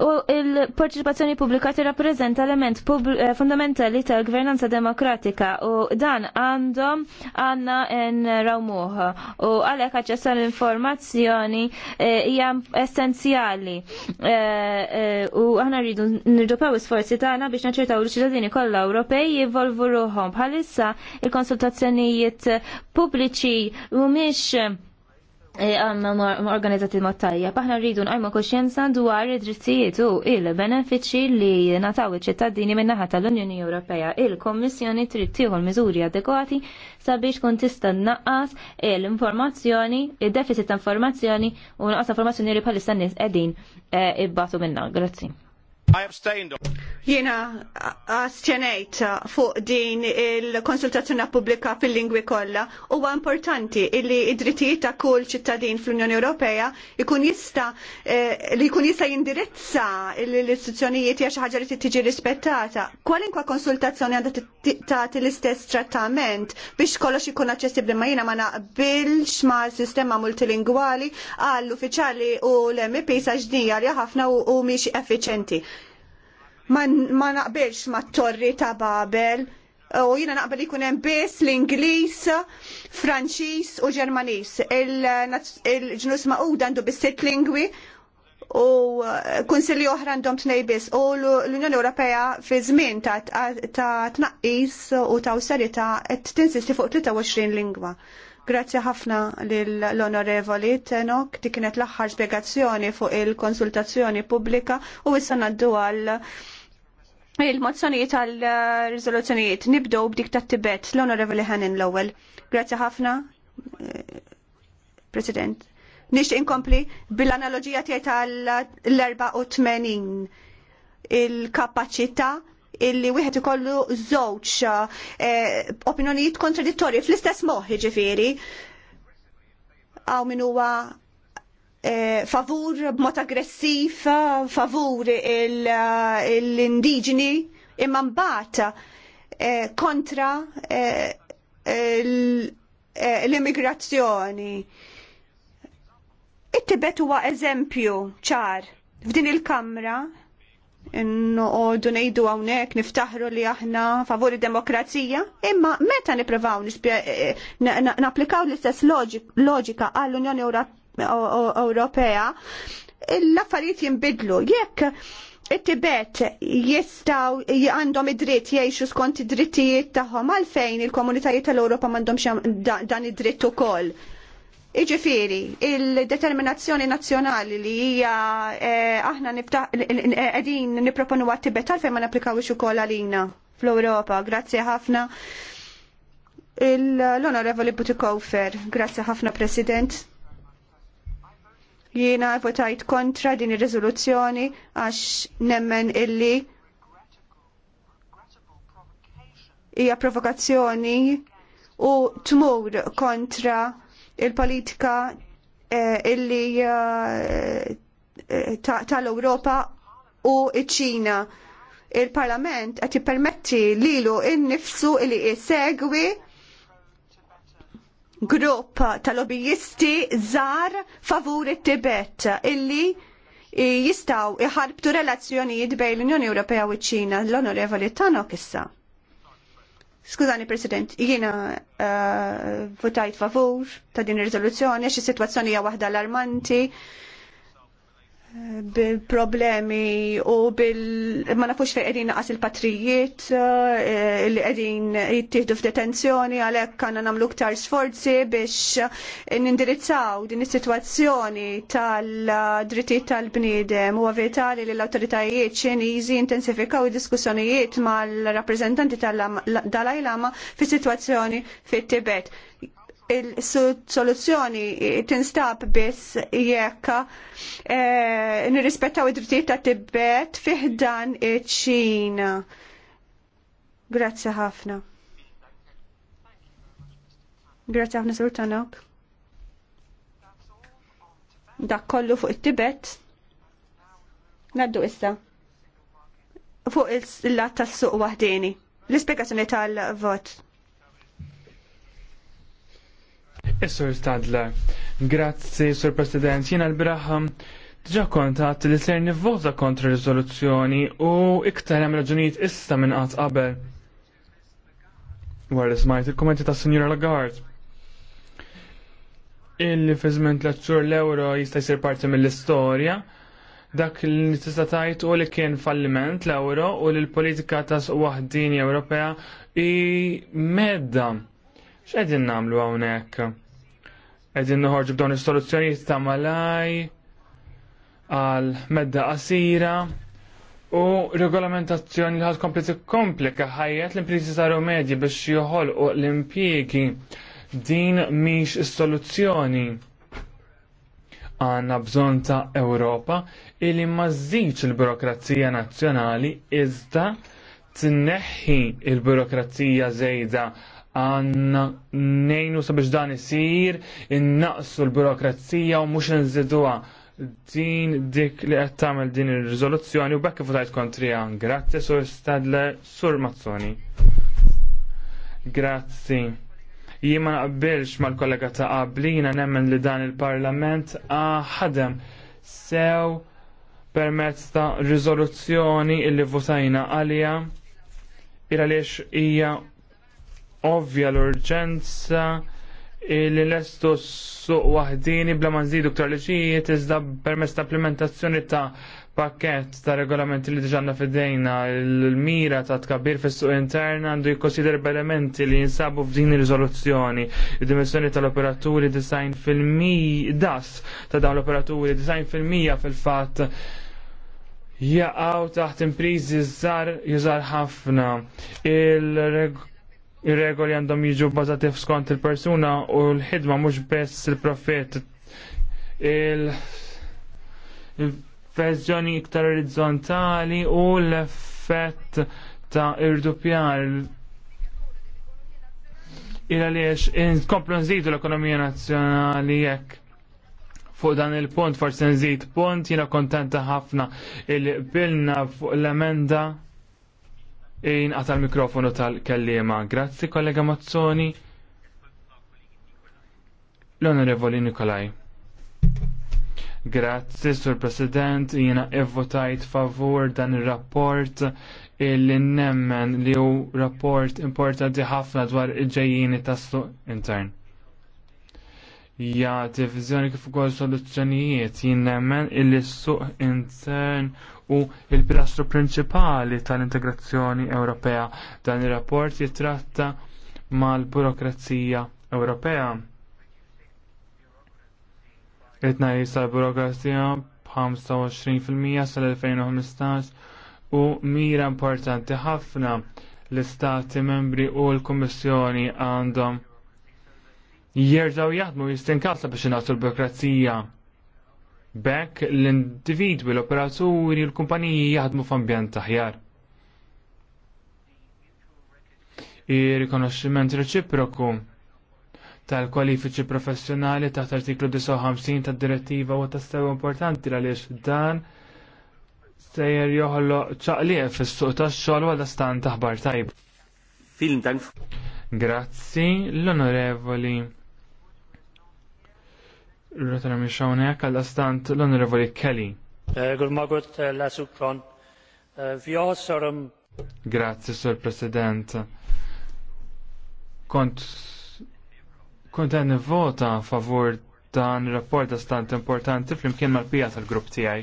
u il-parċipazzjoni pubblika tirrappreżenta element eh, fundamentali tal-gvernanza demokratika u dan għandhom għandna rawmuħ u għalhekk aċċess l-informazzjoni eh, hija essenzjali eh, u aħna rridu nirdupaw isforzi tagħna biex naċertaw l-ċittadini kollha Ewropej jivolvu ruhom bħalissa il-konsultazzjonijiet pubbliċi u mhix E, organizzati ma tajja. Paħna rridu nqajmu koxjenza dwar id-drittijiet u il-benefiċċji li nataw iċ-ċittadini min-naħa tal-Unjoni Ewropea. Il-Kommissjoni trid tieħu miżuri adekwati sabiex kun tista' naqqas l-informazzjoni, id-deficit ta' informazzjoni u naqqas informazzjoni li bħalissa nies qegħdin e, ibbatu minnha. Grazzi. Jiena abstained Jena fuq din il-konsultazzjoni pubblika fil-lingwi kollha huwa importanti illi id-drittijiet ta' kull ċittadin fl-Unjoni Ewropea ikun jista' eh, li jkun jista' jindirizza l-istituzzjonijiet hija xi ħaġa li tiġi rispettata. Kwalinkwa konsultazzjoni għandha tagħti l-istess trattament biex kollox ikun aċċessibbli ma jiena ma naqbilx ma' sistema multilingwali għall-uffiċjali u l-MP sa ġdija li ħafna u mhix effiċenti ma naqbilx ma torri ta' Babel u jina naqbel ikun hemm biss l-Ingliż, Franċiż u Ġermaniż. Il-ġnus Magħquda għandu bis-sitt lingwi u eh, kunsilli oħra għandhom tnej biss u l-Unjoni Ewropea fi żmien ta' tnaqqis u ta' awsterità qed tinsisti fuq 23 lingwa. Grazzi ħafna l-Onorevoli Tenok, ti kienet l-aħħar spjegazzjoni fuq il-konsultazzjoni pubblika u issa għaddu għal il-mozzjonijiet għal rizoluzzjonijiet nibdew b'dik ta' Tibet l-Onorevoli Hanin l-ewwel. Grazzi ħafna, President. Nix inkompli bil-analogija tiegħi tal-84 il-kapaċità illi wieħed ikollu żewġ eh, opinjonijiet kontradittorji fl-istess moħħ ġifieri. Għaw min huwa Eh, favur b'mod aggressiv, favur l-indiġeni, imma mbagħad eh, kontra eh, l-immigrazzjoni. It-Tibet huwa eżempju ċar f'din il-Kamra noqogħdu nejdu hawnhekk niftaħru li aħna favur id-demokrazija, imma meta nippruvaw napplikaw l-istess loġika għall-Unjoni Ewropea Ewropea, l-affarijiet jinbidlu. Jekk it-Tibet jistaw għandhom id-dritt jgħixu skont id-drittijiet tagħhom għalfejn il-komunitajiet tal-Ewropa m'għandhomx dan id-dritt ukoll. Iġifiri, il-determinazzjoni nazzjonali li hija eh, aħna qegħdin nipproponu għat-Tibet għalfejn ma napplikawx ukoll għalina fl-Ewropa. Grazzi ħafna. L-Onorevoli Butikofer, grazzi ħafna President. Jiena votajt kontra din ir-riżoluzzjoni għax nemmen illi hija provokazzjoni u tmur kontra il-politika eh, illi eh, tal-Ewropa u ċ-Ċina il-Parlament qed jippermetti lilu innifsu li jsegwi grupp ta' lobbyisti żgħar favur it-Tibet illi jistaw iħarbtu relazzjonijiet bejn l-Unjoni Ewropea u ċ-Ċina l-Onorevoli Tanok issa. Skużani, President, jiena uh, votajt favur ta' din ir-riżoluzzjoni għax is-sitwazzjoni hija waħda alarmanti bil-problemi u bil- ma nafux fej qegħdin naqas il-patrijiet eh, li qegħdin jittieħdu f'detenzjoni għalhekk għandna nagħmlu ktar sforzi biex nindirizzaw din is-sitwazzjoni tal-drittijiet tal-bniedem huwa vitali li l-awtoritajiet ċiniżi intensifikaw id-diskussjonijiet mal-rappreżentanti tal-Dalai Lama fis-sitwazzjoni fit-Tibet il-soluzzjoni tinstab biss jekk eh, nirrispettaw id-drittijiet ta' Tibet fiħdan iċ-Ċina. Grazzi ħafna. Grazzi ħafna Sur Dak kollu fuq it-Tibet. Naddu issa. Fuq il-lat tas-suq waħdini. L-ispjegazzjoni tal-vot. Is-Sur Stadler. Grazzi, Sur President, jiena l-biraħam Dġa kontat li ser nivvota kontra rizoluzzjoni u iktar hemm raġunijiet issa minn qatt qabel. Wara smajt il-kommenti ta' Sinjura Lagarde. Illi fi żmien tlaċċur l-euro jista' jsir parti mill-istorja, dak li tista' tajt u li kien falliment l-euro u li l-politika ta' waħdini Ewropea i medda. X'qegħdin nagħmlu hawnhekk? Għedin nħorġu b'dawn is-soluzzjonijiet ta' malaj għal medda qasira u regolamentazzjoni li ħad kompleti komplika ħajjet l-imprizi saru medji biex joħolqu l-impjiegi din miex is-soluzzjoni. Għanna bżon ta' Ewropa illi mażżiċ il-burokrazija nazzjonali iżda tinneħħi il-burokrazija żejda għanna nejnu sabiex dan isir, innaqsu l-burokrazija u mux nżiduha din dik li qed tagħmel din ir-riżoluzzjoni u bekk kontri għan. Grazzi sur Stadler sur Mazzoni. Grazzi. Jien ma naqbilx mal-kollega ta' qablina nemmen li dan il-Parlament ah, ħadem sew permezz ta' riżoluzzjoni illi votajna għalija ira għaliex hija ovvja l-urġenza li lestu suq wahdini bla ma nżidu ktar liġijiet iżda permess ta' implementazzjoni ta' pakket ta' regolamenti li diġanna fidejna l-mira ta' tkabbir fis suq intern għandu jikkonsider b'elementi li jinsabu f'din ir-riżoluzzjoni. Id-dimensjoni tal-operaturi design fil-mija das ta' dawn l-operaturi design fil-mija fil-fatt jaqgħu taħt imprizi żgħar jużar ħafna. Il-reg ir-regoli għandhom jiġu bbażati f'skont il-persuna u l-ħidma mhux biss il-profet il verżjoni iktar orizzontali u l-effett ta' irdupjar il għaliex inkomplu nżidu l-ekonomija nazzjonali jekk fuq dan il-punt forse nżid punt jiena kontenta ħafna il-bilna fuq l-emenda għata l-mikrofonu tal-kellima. Grazzi, kollega Mazzoni. L-Onorevoli Nikolaj. Grazzi, Sur President, jiena evvotajt favur dan il-rapport illi nemmen li hu rapport importanti ħafna dwar il-ġejjini tas-suq intern jagħti viżjoni kif ukoll soluzzjonijiet jien nemmen il-suq intern u l pilastru prinċipali tal-integrazzjoni Ewropea dan ir-rapport jitratta mal-burokrazija Ewropea. Itnaqis tal-burokrazija b'25% sal-2015 u mira importanti ħafna l-istati membri u l-Kummissjoni għandhom jirżaw jaħdmu jistinkasa biex inasu l-birokrazija. Bekk l-individwi, l-operaturi, l-kumpaniji jaħdmu f'ambjent taħjar. Ir-rikonoxximent reċiproku tal-kwalifiċi professjonali taħt artiklu 59 tad-direttiva u tassew importanti għaliex dan sejjer joħolloq ċaqlie fis-suq tax-xogħol wara stan taħbar tajb. Film Grazzi l-onorevoli Il-ratana xawnek għal-astant l-Onorevoli Kelly. Eh, Gurmagut eh, l-asukron. Eh, Vjoħosorum. Grazie, Sir President. Kont kont għan vota favur dan rapport rapport stant importanti fl-imkien mal-pija tal-grupp tijaj.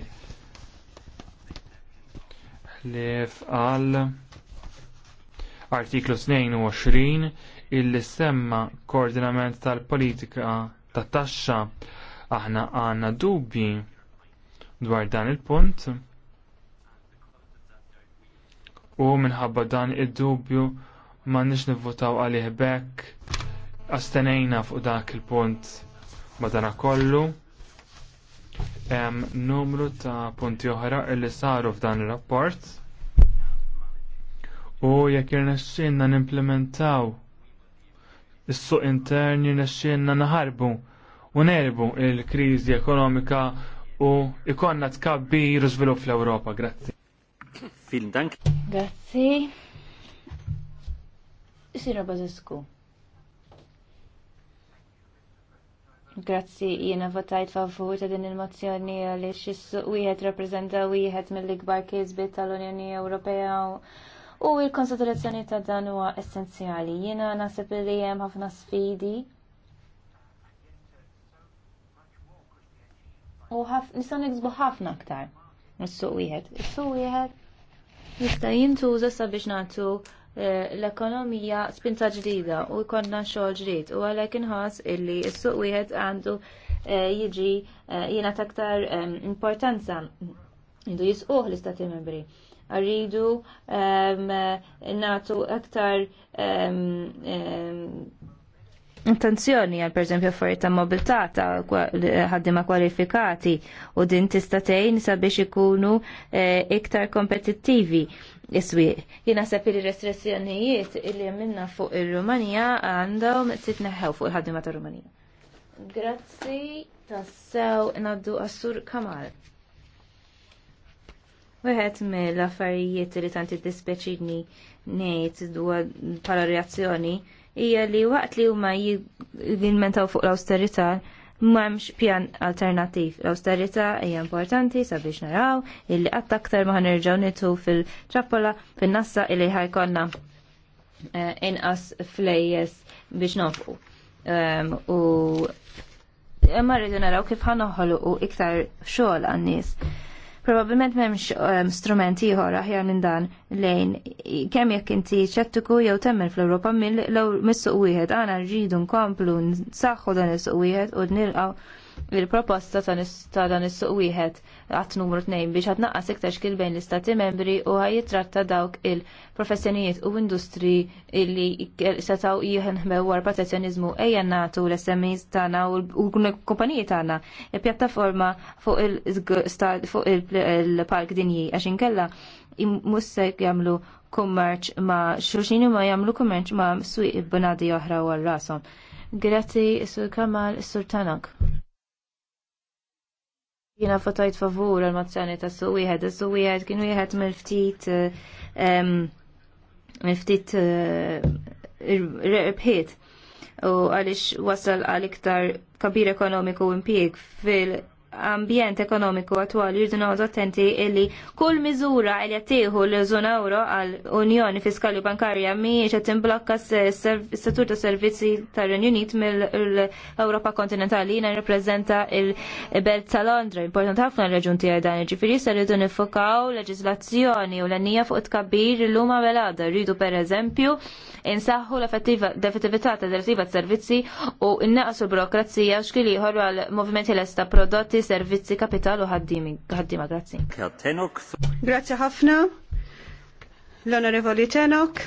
Lif għal artiklu 22 il-li semma koordinament tal-politika ta' taxxa aħna għandna dubji dwar dan il-punt u minħabba dan id-dubju ma nix nivvotaw għalih bekk astenejna fuq dak il-punt madana kollu hemm numru ta' punti oħra li saru f'dan ir rapport u jekk irnexxinna nimplementaw is-suq intern jirnexxielna naħarbu u nerbu il-kriżi ekonomika u ikonna tkabbir u żvilupp fl-Ewropa. Grazzi. Film Dank. Grazzi. Isira Bazesku. Grazzi, jiena votajt favur ta' din il-mozzjoni għaliex u jħed wieħed rappreżenta wieħed mill-ikbar kisbiet tal-Unjoni Ewropea u u l-konsiderazzjoni ta' dan huwa essenzjali. Jiena naħseb li hemm ħafna sfidi u nistgħu niksbu ħafna aktar mis-suq wieħed. Is-suq wieħed jista' jintuża sabiex nagħtu eh, l-ekonomija spinta ġdida u jkollna xogħol ġdid u għalhekk inħoss illi s-suq wieħed għandu eh, jiġi eh, jiena taktar importanza għandu jisquh l-istati membri rridu ehm, natu aktar ehm, ehm, intenzjoni għal perżempju affarijiet ta' mobilità ta' ħaddima kwalifikati u din tista' tgħin sabiex ikunu eh, iktar kompetittivi iswieq. Jien naħseb li restrizzjonijiet illi minna fuq ir-Rumanija għandhom titneħħew fuq il-ħaddima tar-Rumanija. Grazzi tassew ngħaddu għas-sur Kamal. Wieħed mill-affarijiet li tanti dispeċidni ngħid dwar bħala reazzjoni hija li waqt li huma jilmentaw fuq l-awsterità m'hemmx pjan alternattiv. L-awsterità hija importanti sabiex naraw illi qatt aktar ma ħanerġgħu nitu fil-ċappola fin-nassa illi ħajkonna eh, inqas flejjes biex nofqu. Ehm, u imma rridu naraw kif u iktar xogħol għan-nies Probabilment memx um, ehm, strumenti ieħor aħjar minn dan lejn kemm jekk inti ċettiku jew temmen fl-Ewropa mill-suq wieħed. Għana rridu nkomplu nsaħħu dan is-suq wieħed u nilqgħu il-proposta ta' dan is-suq wieħed għat numru 2 biex għat naqqas iktar xkil bejn l-istati membri u jitratta dawk il-professjonijiet u industri illi setaw jieħnħbew war protezjonizmu ejja natu l-SMEs tagħna u l-kumpaniji tagħna il-pjattaforma e fuq il-park dinji għax inkella musse jagħmlu kummerċ ma' xulxin ma jagħmlu kummerċ ma' swieq b'nadi oħra għal rasom. Grazzi, Sur Kamal, Sur Tanak jina fotajt favur għal-mozzjoni ta' suwiħed, suwiħed kienu jħed mill-ftit ehm, mill-ftit eh, rebħiet u għalix wasal għal iktar kabir ekonomiku impieg fil- ambjent ekonomiku attwali jirdu noqgħodu attenti illi kull miżura li jattieħu l-żona euro għal Unjoni Fiskali Bankarja mhijiex qed timblokka s satur ta' servizzi tar-Renju Unit mill-Ewropa kontinentali jiena nirrappreżenta il-Belt ta' Londra, importanti ħafna r-reġun tiegħi dan, ġifieri se rridu nifokaw leġiżlazzjoni u l-għannija fuq tkabbir illum velada, rridu pereżempju insaħħu l-effettività ta' direttiva servizzi u innaqsu l-burokrazija u xkili jħorru għal movimenti l-esta prodotti servizzi kapitalu ħaddima grazzi. Grazzi ħafna. L-Onorevoli Tenok.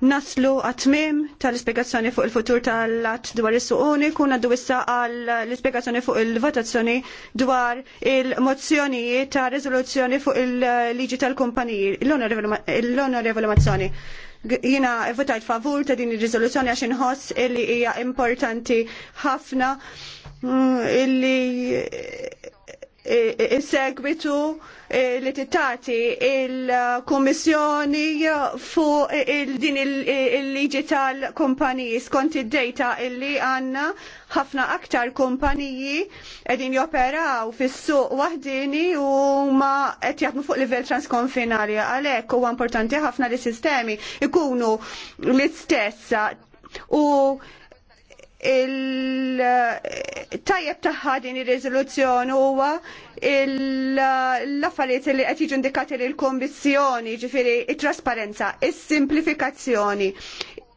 Naslu għatmim tal-ispiegazzjoni fuq il-futur tal-att dwar is suqoni kuna d wissa għal l-ispiegazzjoni fuq il-votazzjoni dwar il-mozzjonijiet ta' rezoluzzjoni fuq il-liġi tal-kumpaniji. l onorevoli Mazzoni jina votajt favur ta' din ir-riżoluzzjoni għax inħoss li hija importanti ħafna illi il-segwitu eh, eh, eh, li titati il-Komissjoni fuq din il-liġi tal-kumpaniji skont id-data illi għanna ħafna aktar kumpaniji edin joperaw fis-suq waħdini u ma qed jaħdmu fuq livell transkonfinali għalhekk huwa importanti ħafna li sistemi ikunu l-istess u il-tajjeb taħħa din ir-riżoluzzjoni huwa l-affarijiet li qed jiġu indikati lill-Kummissjoni, ġifieri it-trasparenza, is-simplifikazzjoni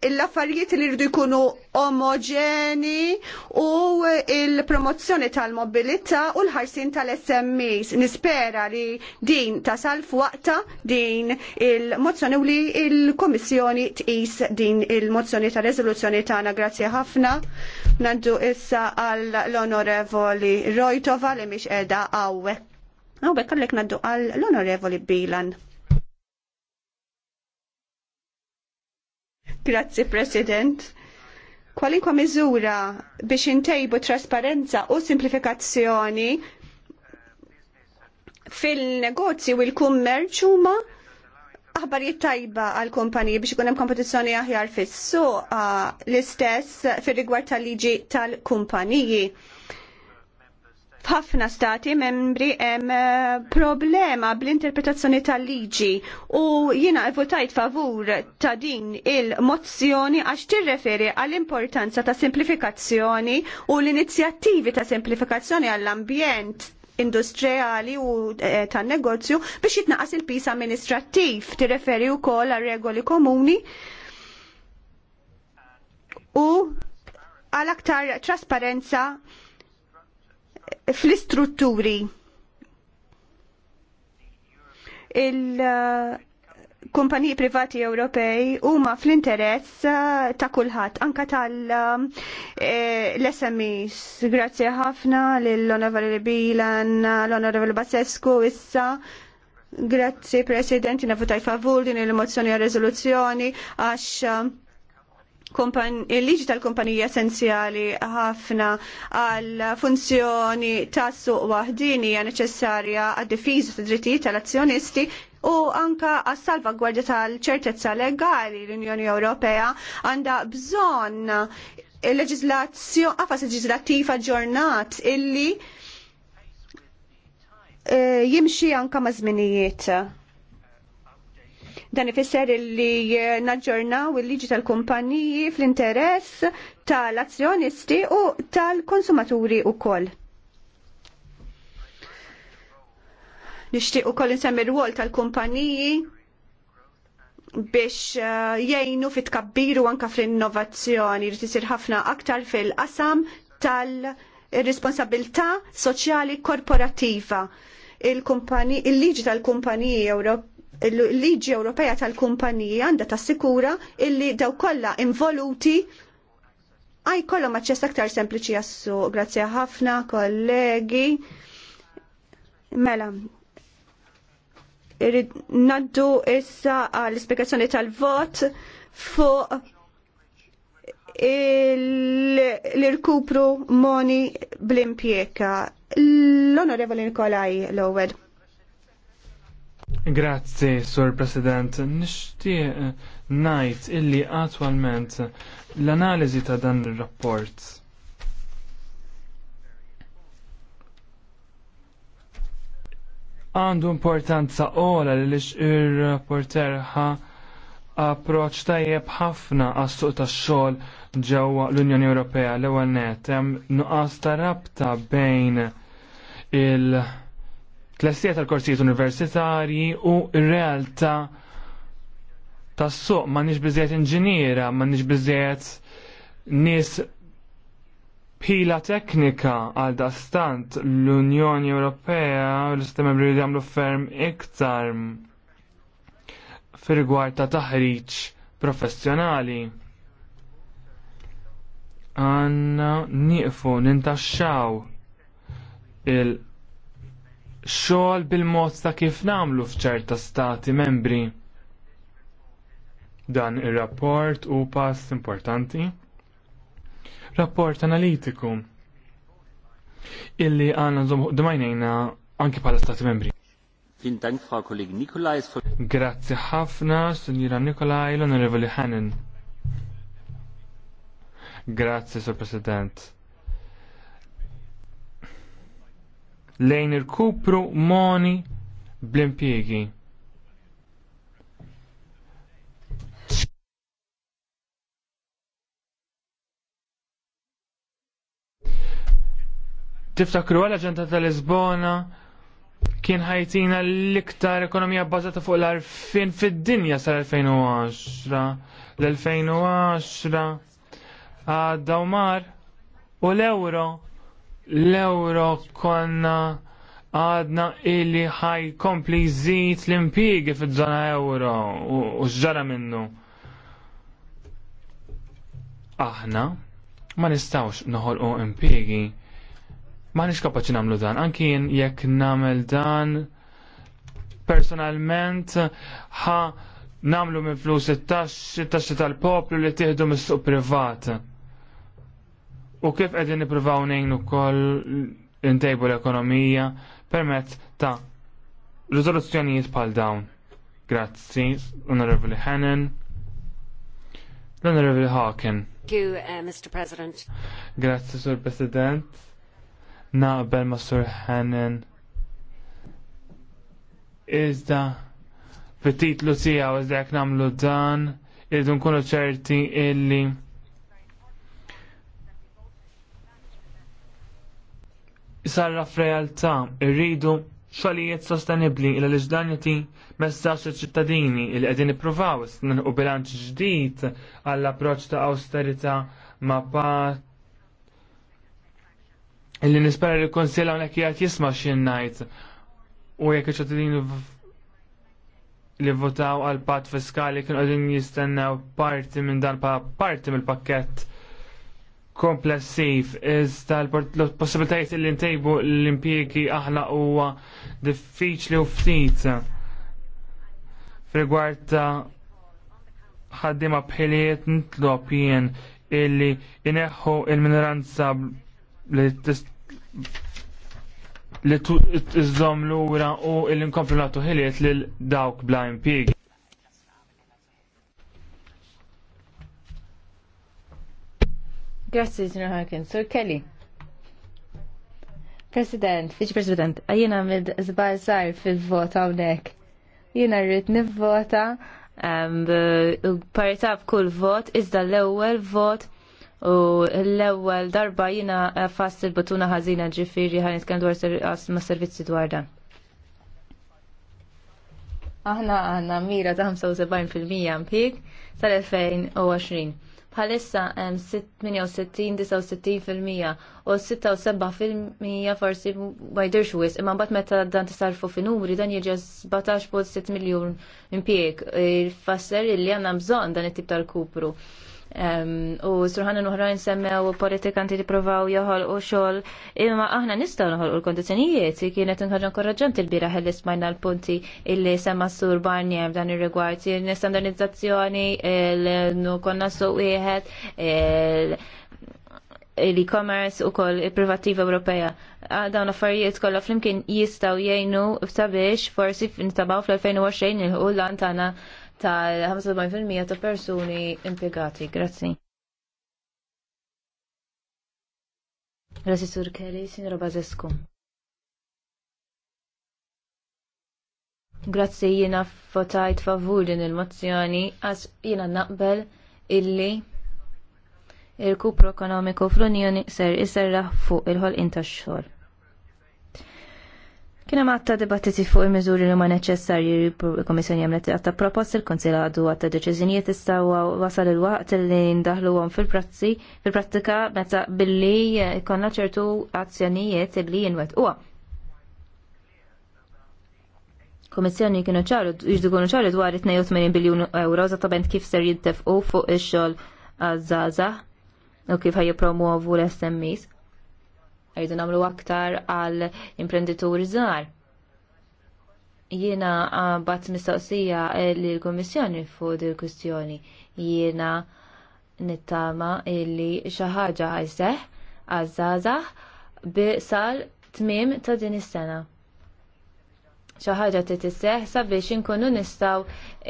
l-affarijiet li rridu jkunu omogeni u il-promozzjoni tal-mobilità u l-ħarsin tal-SMEs. Nispera li din tasal f'waqta din il-mozzjoni u li il-Komissjoni tqis din il-mozzjoni ta' rezoluzzjoni tagħna. Grazzi ħafna. Nandu issa għall onorevoli Rojtova li mhix qiegħda hawnhekk. Għawbek għallek naddu għall onorevoli Bilan. Grazzi, President. Kwalinkwa miżura biex intejbu trasparenza u simplifikazzjoni fil-negozji u l-kummerċ huma aħbarijiet tajba għal kumpaniji biex ikun hemm kompetizzjoni aħjar fis-suq ah, l-istess fir-rigward tal-liġi tal-kumpaniji. tal liġi tal kumpaniji f'ħafna stati membri hemm eh, problema bl-interpretazzjoni tal-liġi u jiena votajt favur ta' din il-mozzjoni għax tirreferi għall-importanza ta' simplifikazzjoni u l-inizjattivi ta' simplifikazzjoni għall-ambjent industrijali u eh, tan negozju biex jitnaqas il-pis amministrattiv tirreferi wkoll għal regoli komuni u għal aktar trasparenza fl-istrutturi il-kumpaniji privati Ewropej huma fl-interess eh, ta' kulħadd anka tal-SMEs. Eh, Grazzi ħafna lill-Onorevoli Bilan, l-Onorevoli Basescu issa. Grazzi President, jina votaj favur din il-mozzjoni għal rezoluzzjoni għax il-liġi tal-kumpanija essenzjali ħafna għal funzjoni tas-suq wahdini hija neċessarja għad-difiża tad drittijiet tal-azzjonisti u anka għas salvagwardja tal-ċertezza legali l-Unjoni Ewropea għandha bżonn il-leġizlazzjoni, għafas leġizlattiva ġornat illi eh, jimxi anka mażminijiet. Dan ifisser li eh, naġġornaw il-liġi tal-kumpaniji fl-interess tal-azzjonisti u tal-konsumaturi wkoll. Nixtieq ukoll insemmi r-wol tal-kumpaniji biex eh, jgħinu fit kabbiru anka fl-innovazzjoni, jrid isir ħafna aktar fil-qasam tal-responsabilità soċjali korporattiva. Il-liġi il liġi tal kumpaniji Ewropa l-liġi Ewropea tal-kumpanija għandha tassikura illi daw kollha involuti għaj kollhom aċċess aktar sempliċi jassu. Grazie ħafna, kollegi. Mela, irrid naddu issa għall-ispjegazzjoni tal-vot fuq l-irkupru moni bl blimpjeka. L-onorevoli Nikolaj l-ewwel. Grazzi, Sur President. Nixtieq ngħid illi attualment l-analiżi ta' dan ir-rapport għandu importanza ola li ir-rapporter ħa approċ tajjeb ħafna għas-suq tax-xogħol ġewwa l-Unjoni Ewropea l-ewwel net hemm nuqqas ta' rabta bejn il- tlessija tal-korsijiet universitarji u r-realtà tas-suq ma nix bizziet inġiniera, ma nix bizziet nis pila teknika għal dastant l-Unjoni Ewropea u l-Sistema Membri jagħmlu ferm iktar fir-rigward ta' taħriġ professjonali. Għanna nieqfu nintaxxaw il- xogħol bil-mod ta' kif nagħmlu f'ċerta stati membri. Dan ir-rapport u pass importanti. Rapport analitiku illi għanna domajnejna anki bħala stati membri. Grazzi Grazie ħafna, Sunjira Nikolaj, l-Onorevoli Hannon. Grazie, Sir President. lejn il-kupru moni bl impiegi Tiftakru għal-ġenta tal-Lisbona kien ħajtina l-iktar ekonomija bbażata fuq l-arfin fid-dinja sal-2010. L-2010 għadda u mar u l-euro l-euro konna għadna illi ħaj kompli zit l impigi fil-żona euro u xġara minnu. Aħna ma nistawx u impigi. ma nix kapaċi namlu dan, anki jien jekk namel dan personalment ħa namlu minn flus it-taxxi tal-poplu li tieħdu mis-suq privat. U kif qegħdin nippruvaw ngħinu wkoll intejbu l-ekonomija permezz ta' riżoluzzjonijiet bħal dawn. Grazzi, Honorable Hannan. L-Onorevoli Hawken. Thank you, uh, Mr. President. Grazzi, Sur President. Naqbel ma' Sur Hannon. Iżda, fit-titlu tiegħu iżda jekk nagħmlu dan, irridu nkunu ċerti illi sarra f'realtà rridu xogħlijiet sostenibbli il leġdanjati messaġġ il-ċittadini li qegħdin ippruvaw u bilanċ ġdid għall-approċċ ta' austerità ma' pat Illi nispera li konsil hawnhekk jgħat jisma xin najt u jek ċittadini li votaw għal pat fiskali kien għadin jistennew parti minn dan pa parti mill pakket komplessiv iżda l-possibilitajiet li ntejbu l-impjegi aħna huwa diffiċli u ftit f'rigward ta' ħaddiema bħiliet nitlob jien illi ineħħu il-minoranza li li t-izzom l-ura u il-inkomplu natu ħiliet lil dawk bla impiegi. Grazzi, Sr. Harkin. Sir Kelly. President, Vice President, jiena mid zbar sar fil-vota għonek. Jina rrit nivvota um, parita b'kull vot, iżda l-ewel vot u l-ewel darba jina fast il-butuna ħazina ġifiri ħan jitkan dwar ma servizzi dwar dan. Aħna għanna mira ta' 75% mpik sal-2020 bħalissa hemm 68-69% u 76% forsi ma jdirx wis, imma mbagħad meta dan tisarfu fi numri dan jieġa 17.6 miljun il Fasser illi għandna bżonn dan it-tip tal-kupru u surħana nuħrajn semmew politikanti li provaw joħol u xol imma aħna nistaw noħol u l-kondizjonijiet kienet nħarġan korraġant il bira li smajna l-punti illi semma sur Barnier dan ir-rigward il-standardizzazzjoni nu konna suqieħed il l-e-commerce u koll privativa Ewropea. Dawn affarijiet kollha flimkien jistgħu jgħinu sabiex forsi f-nitabaw fl-2020 il-ħu l-antana tal-75% ta' persuni impiegati. Grazzi. Grazie, Sur Kelly, signora Bazescu. Grazzi jiena fotajt favur din il-mozzjoni għax jiena naqbel illi il-kupru ekonomiku fl-Unjoni ser iserraħ fuq il-ħolqin tax-xogħol. Kien hemm għatta dibattiti fuq il-miżuri li ma neċessarji il-Komissjoni għamlet għatta propost il-Konsil għadu għatta deċiżjonijiet issa wasal il-waqt li ndaħluhom fil-prazzi fil-prattika meta billi jkollna ċertu azzjonijiet li jinwettquha. Komissjoni kienu ċaru, jiġdu kienu ċaru dwar 82 biljun euro, zatabent kif ser jittefqu fuq ix-xogħol għaż-żgħażagħ u kif promuovu l-SMEs rridu nagħmlu aktar għal imprenditori żgħar. Jiena bat mistoqsija lill kummissjoni fuq il kwistjoni Jiena nittama illi xi ħaġa ħajseħ għaż-żgħażagħ bi sal tmiem ta' din is-sena xi ħaġa trid isseħħ sabiex inkunu nistgħu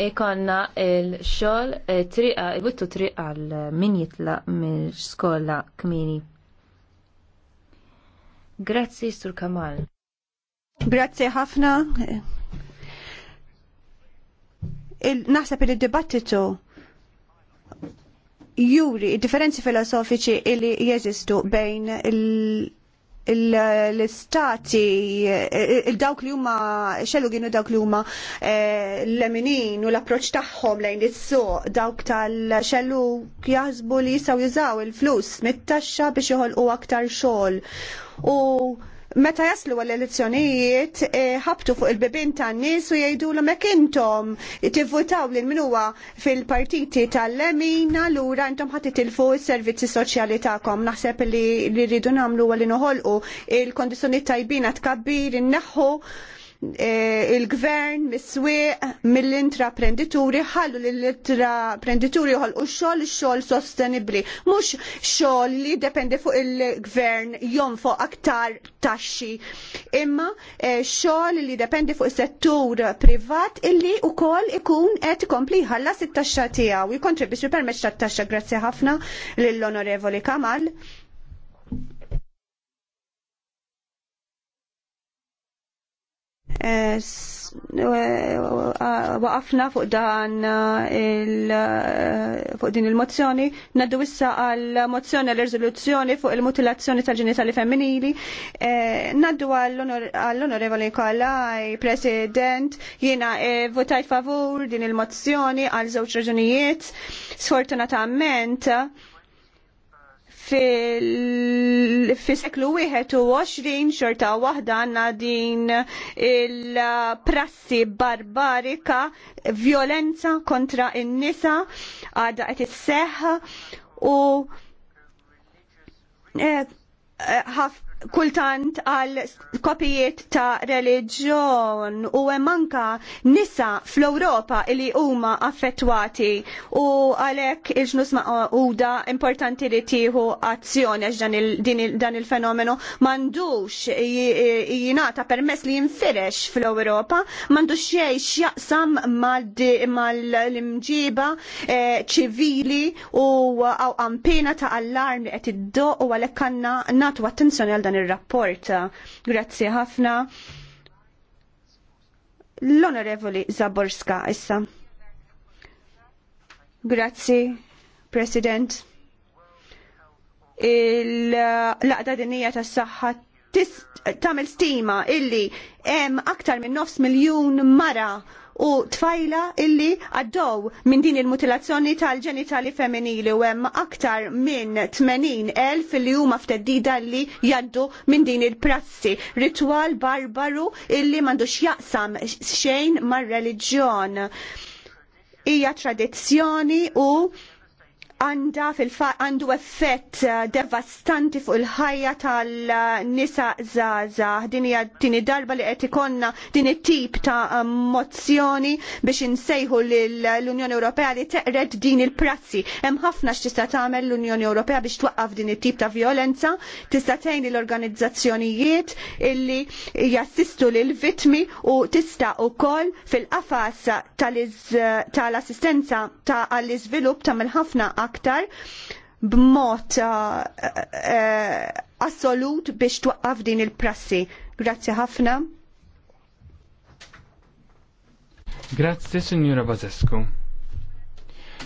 ikonna l-xogħol eh, triqa, il-wittu eh, triqa għal min jitlaq mill-skola kmini. Grazzi, Sur Kamal. Grazzi ħafna. Naħseb il-dibattitu juri differenzi filosofiċi li jeżistu bejn il- l-istati, il-dawk li huma xellu kienu dawk li huma eh, l-eminin u l-approċ tagħhom lejn is-suq, dawk tal-xellu jaħsbu li jistgħu jużaw il-flus mit-taxxa biex joħolqu aktar xogħol. U meta jaslu l elezzjonijiet eh, ħabtu fuq il-bibin tan nies u jgħidu l intom tivvutaw li minuwa fil-partiti tal-lemina l-ura intom ħati tilfu s-servizzi soċjali tagħkom. Naħseb li rridu nagħmlu għalli noħolqu il-kondizjoni tajbina tkabbir inneħħu E, il-gvern, miswiq mill intraprenditori ħallu l-intraprendituri uħalqu xogħol xogħol sostenibbli. Mhux xogħol li dependi fuq il-gvern jonfoq aktar taxxi, imma e, xogħol li dependi fuq settur privat illi wkoll ikun qed ikompli jħallas it-taxxa tiegħu. Jikontribwix permezz tat-taxxa grazzi ħafna lill-Onorevoli Kamal. waqafna fuq dan fuq din il-mozzjoni naddu issa għal mozzjoni għal riżoluzzjoni fuq il-mutilazzjoni tal-ġenitali femminili eh, naddu għall-onorevoli Kalaj president jiena eh, votajt favur din il-mozzjoni għal żewġ raġunijiet sfortunatament fil-seklu 21 xorta waħda għanna din il-prassi barbarika, violenza kontra in-nisa għadha qed isseħħ u eh, eh, ħafna kultant għal kopijiet ta' reliġjon u hemm anka nisa fl-Ewropa li huma affettwati u għalhekk il-ġnus uda importanti li tieħu azzjoni għax dan il-fenomenu m'għandux jingħata permess li jinfirex fl-Ewropa, m'għandux jiex jaqsam mal-imġiba eh, ċivili u għampina ta' allarm li qed iddoq u għalhekk għandna nagħtu attenzjoni għal dan dan ir-rapport. Grazzi ħafna. L-Onorevoli Zaborska issa. Grazzi, President. Il-laqda dinija tas-saħħa tamil stima illi hemm aktar minn nofs miljun mara u tfajla illi għaddew minn din il-mutilazzjoni tal-ġenitali femminili u hemm aktar minn 80,000 li huma fteddida li jaddu minn din il-prassi. Ritwal barbaru illi m'għandux jaqsam xejn mar-reliġjon. Hija tradizzjoni u għanda għandu effett eh, devastanti fuq il-ħajja tal-nisa zaza. Din hija tini darba li qed ikonna din it-tip ta' mozzjoni biex insejħu l-Unjoni Ewropea li teqred din il-prassi. Hemm ħafna x'tista' tagħmel l-Unjoni Ewropea biex twaqqaf din it-tip ta' violenza, tista' tgħin l-organizzazzjonijiet illi jassistu lil vittmi u tista' ukoll fil-qafas tal-assistenza ta' għall-iżvilupp tagħmel ħafna aktar b'mod eh, eh, assolut biex twaqqaf din il-prassi. Grazzi ħafna. Grazzi, Signora Bazescu.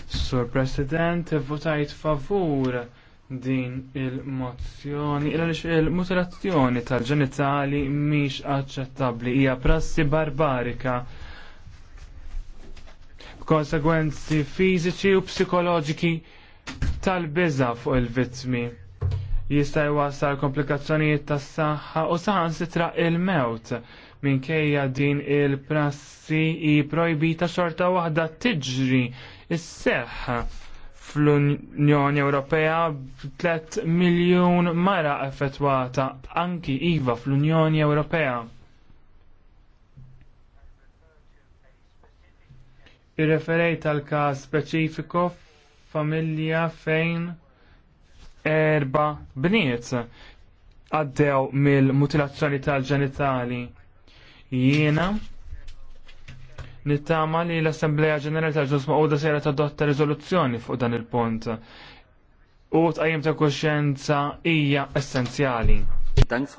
Sur President, votajt favur din il-mozzjoni il-mutilazzjoni tal-ġenitali mhix aċċettabbli hija prassi barbarika b'konsegwenzi fiżiċi u psikoloġiki tal-biża fuq il-vittmi jista' jwassal komplikazzjonijiet tas-saħħa u saħansitra il-mewt minkejja din il-prassi i projbita xorta waħda tiġri is-seħħ fl-Unjoni Ewropea b'3 miljun mara effettwata anki iva fl-Unjoni Ewropea. Irreferejt tal każ speċifiku familja fejn erba bniet għaddew mill-mutilazzjoni tal-ġenitali. Jiena nittama li l-Assembleja Ġenerali tal-Ġus Mawda sejra dotta riżoluzzjoni fuq dan il-punt u tqajjem ta' kuxjenza hija essenzjali. Thanks,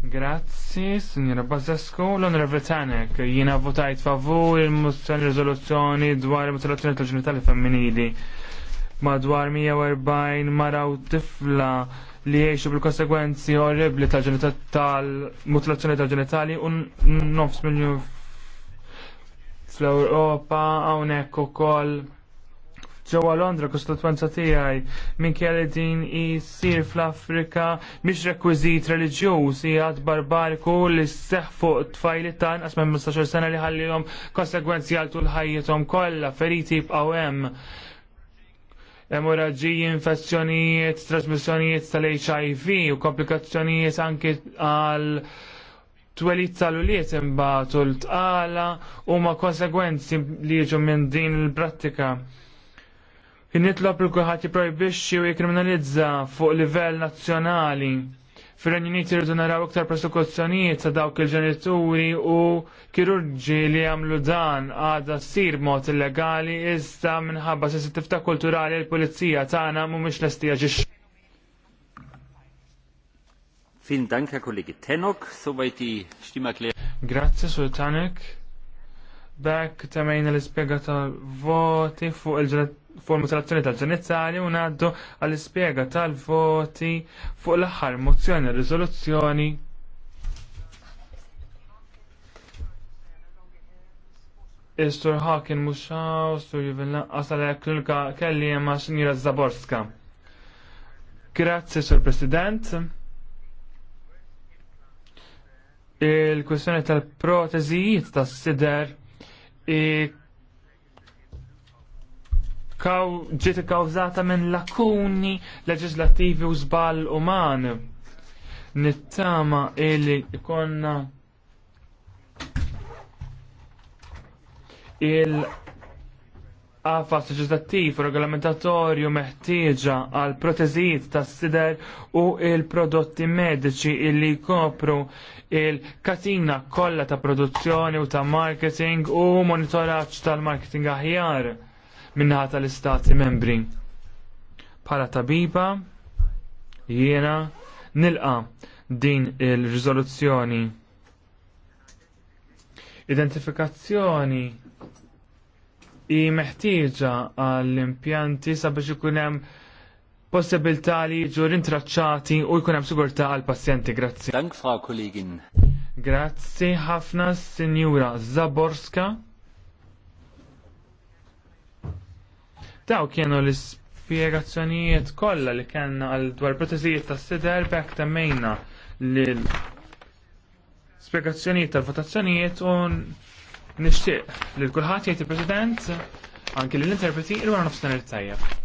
Grazzi, signora Basescu. l Tanek, jina votajt favur il-mozzjoni rizoluzzjoni dwar il-mutilazzjoni tal-ġenitali femminili. Madwar 140 u tifla li jiexu bil-konsegwenzi orribli tal-mutilazzjoni tal-ġenitali un nofs minnju fl-Europa għawnek u koll ġewwa Londra kostituenza tiegħi minkejja li din jsir fl-Afrika mhix rekwiżit reliġjuż għad barbariku li sseħħ fuq tfajli tan qas minn 15 sena li ħallihom konsegwenzi għal tul ħajjithom kollha feriti jibqgħu hemm emoraġiji, infezzjonijiet, trasmissjonijiet tal-HIV u komplikazzjonijiet anke għal twelit tal-uliet imbagħad u l-tqala huma konsegwenzi li jiġu minn din il-prattika. Kien nitlob li kulħadd jipprojbixxi u jikkriminalizza fuq livell nazzjonali. Fir-Renju Unit naraw iktar prosekuzzjonijiet ta' dawk il-ġenituri u kirurġi li jagħmlu dan għadha ssir mod illegali iżda minħabba sensittività kulturali l-pulizija tagħna mhumiex lestija ġix. Fin danka kollegi Kollege Tenok. Soweit die Stimmerklärung. Grazie, Sultanek. Dak tamajna l ispjega tal voti fuq il-ġenituri formulazzjoni tal-ġenizzali u naddu għal ispjega tal-voti fuq l axħar mozzjoni riżoluzzjoni Is-sur Hawkin muxaw, sur Juvenna, għasal għaklulka kelli jemma xinjira Zaborska. Grazie, sur President. Il-kwestjoni tal-protezijiet tas-sider ġiet ikkawżata minn lakuni leġislattivi u żball uman. Nittama illi ikonna il għafas leġislattiv regolamentatorju meħtieġa għal proteżijiet ta' sider u il-prodotti mediċi illi kopru il-katina kollha ta' produzzjoni u ta' marketing u monitoraġġ tal-marketing aħjar minnaħa tal-istati membri. Bħala tabiba jiena nilqa din il-riżoluzzjoni. Identifikazzjoni i meħtieġa għall-impjanti sabiex ikun hemm possibilità li jiġu rintraċċati u jkun hemm sigurtà għall pazjenti Grazzi. Dank, Frau Kollegin. Grazzi ħafna, Sinjura Zaborska. Daw kienu l-ispjegazzjonijiet kollha li kellna għal dwar protezijiet ta' sider bekk temmejna l-ispirazzjonijiet tal-votazzjonijiet u nixtieq li kulħadd jgħid il-President anki lill interpreti il-wara nofsinhar tajjeb.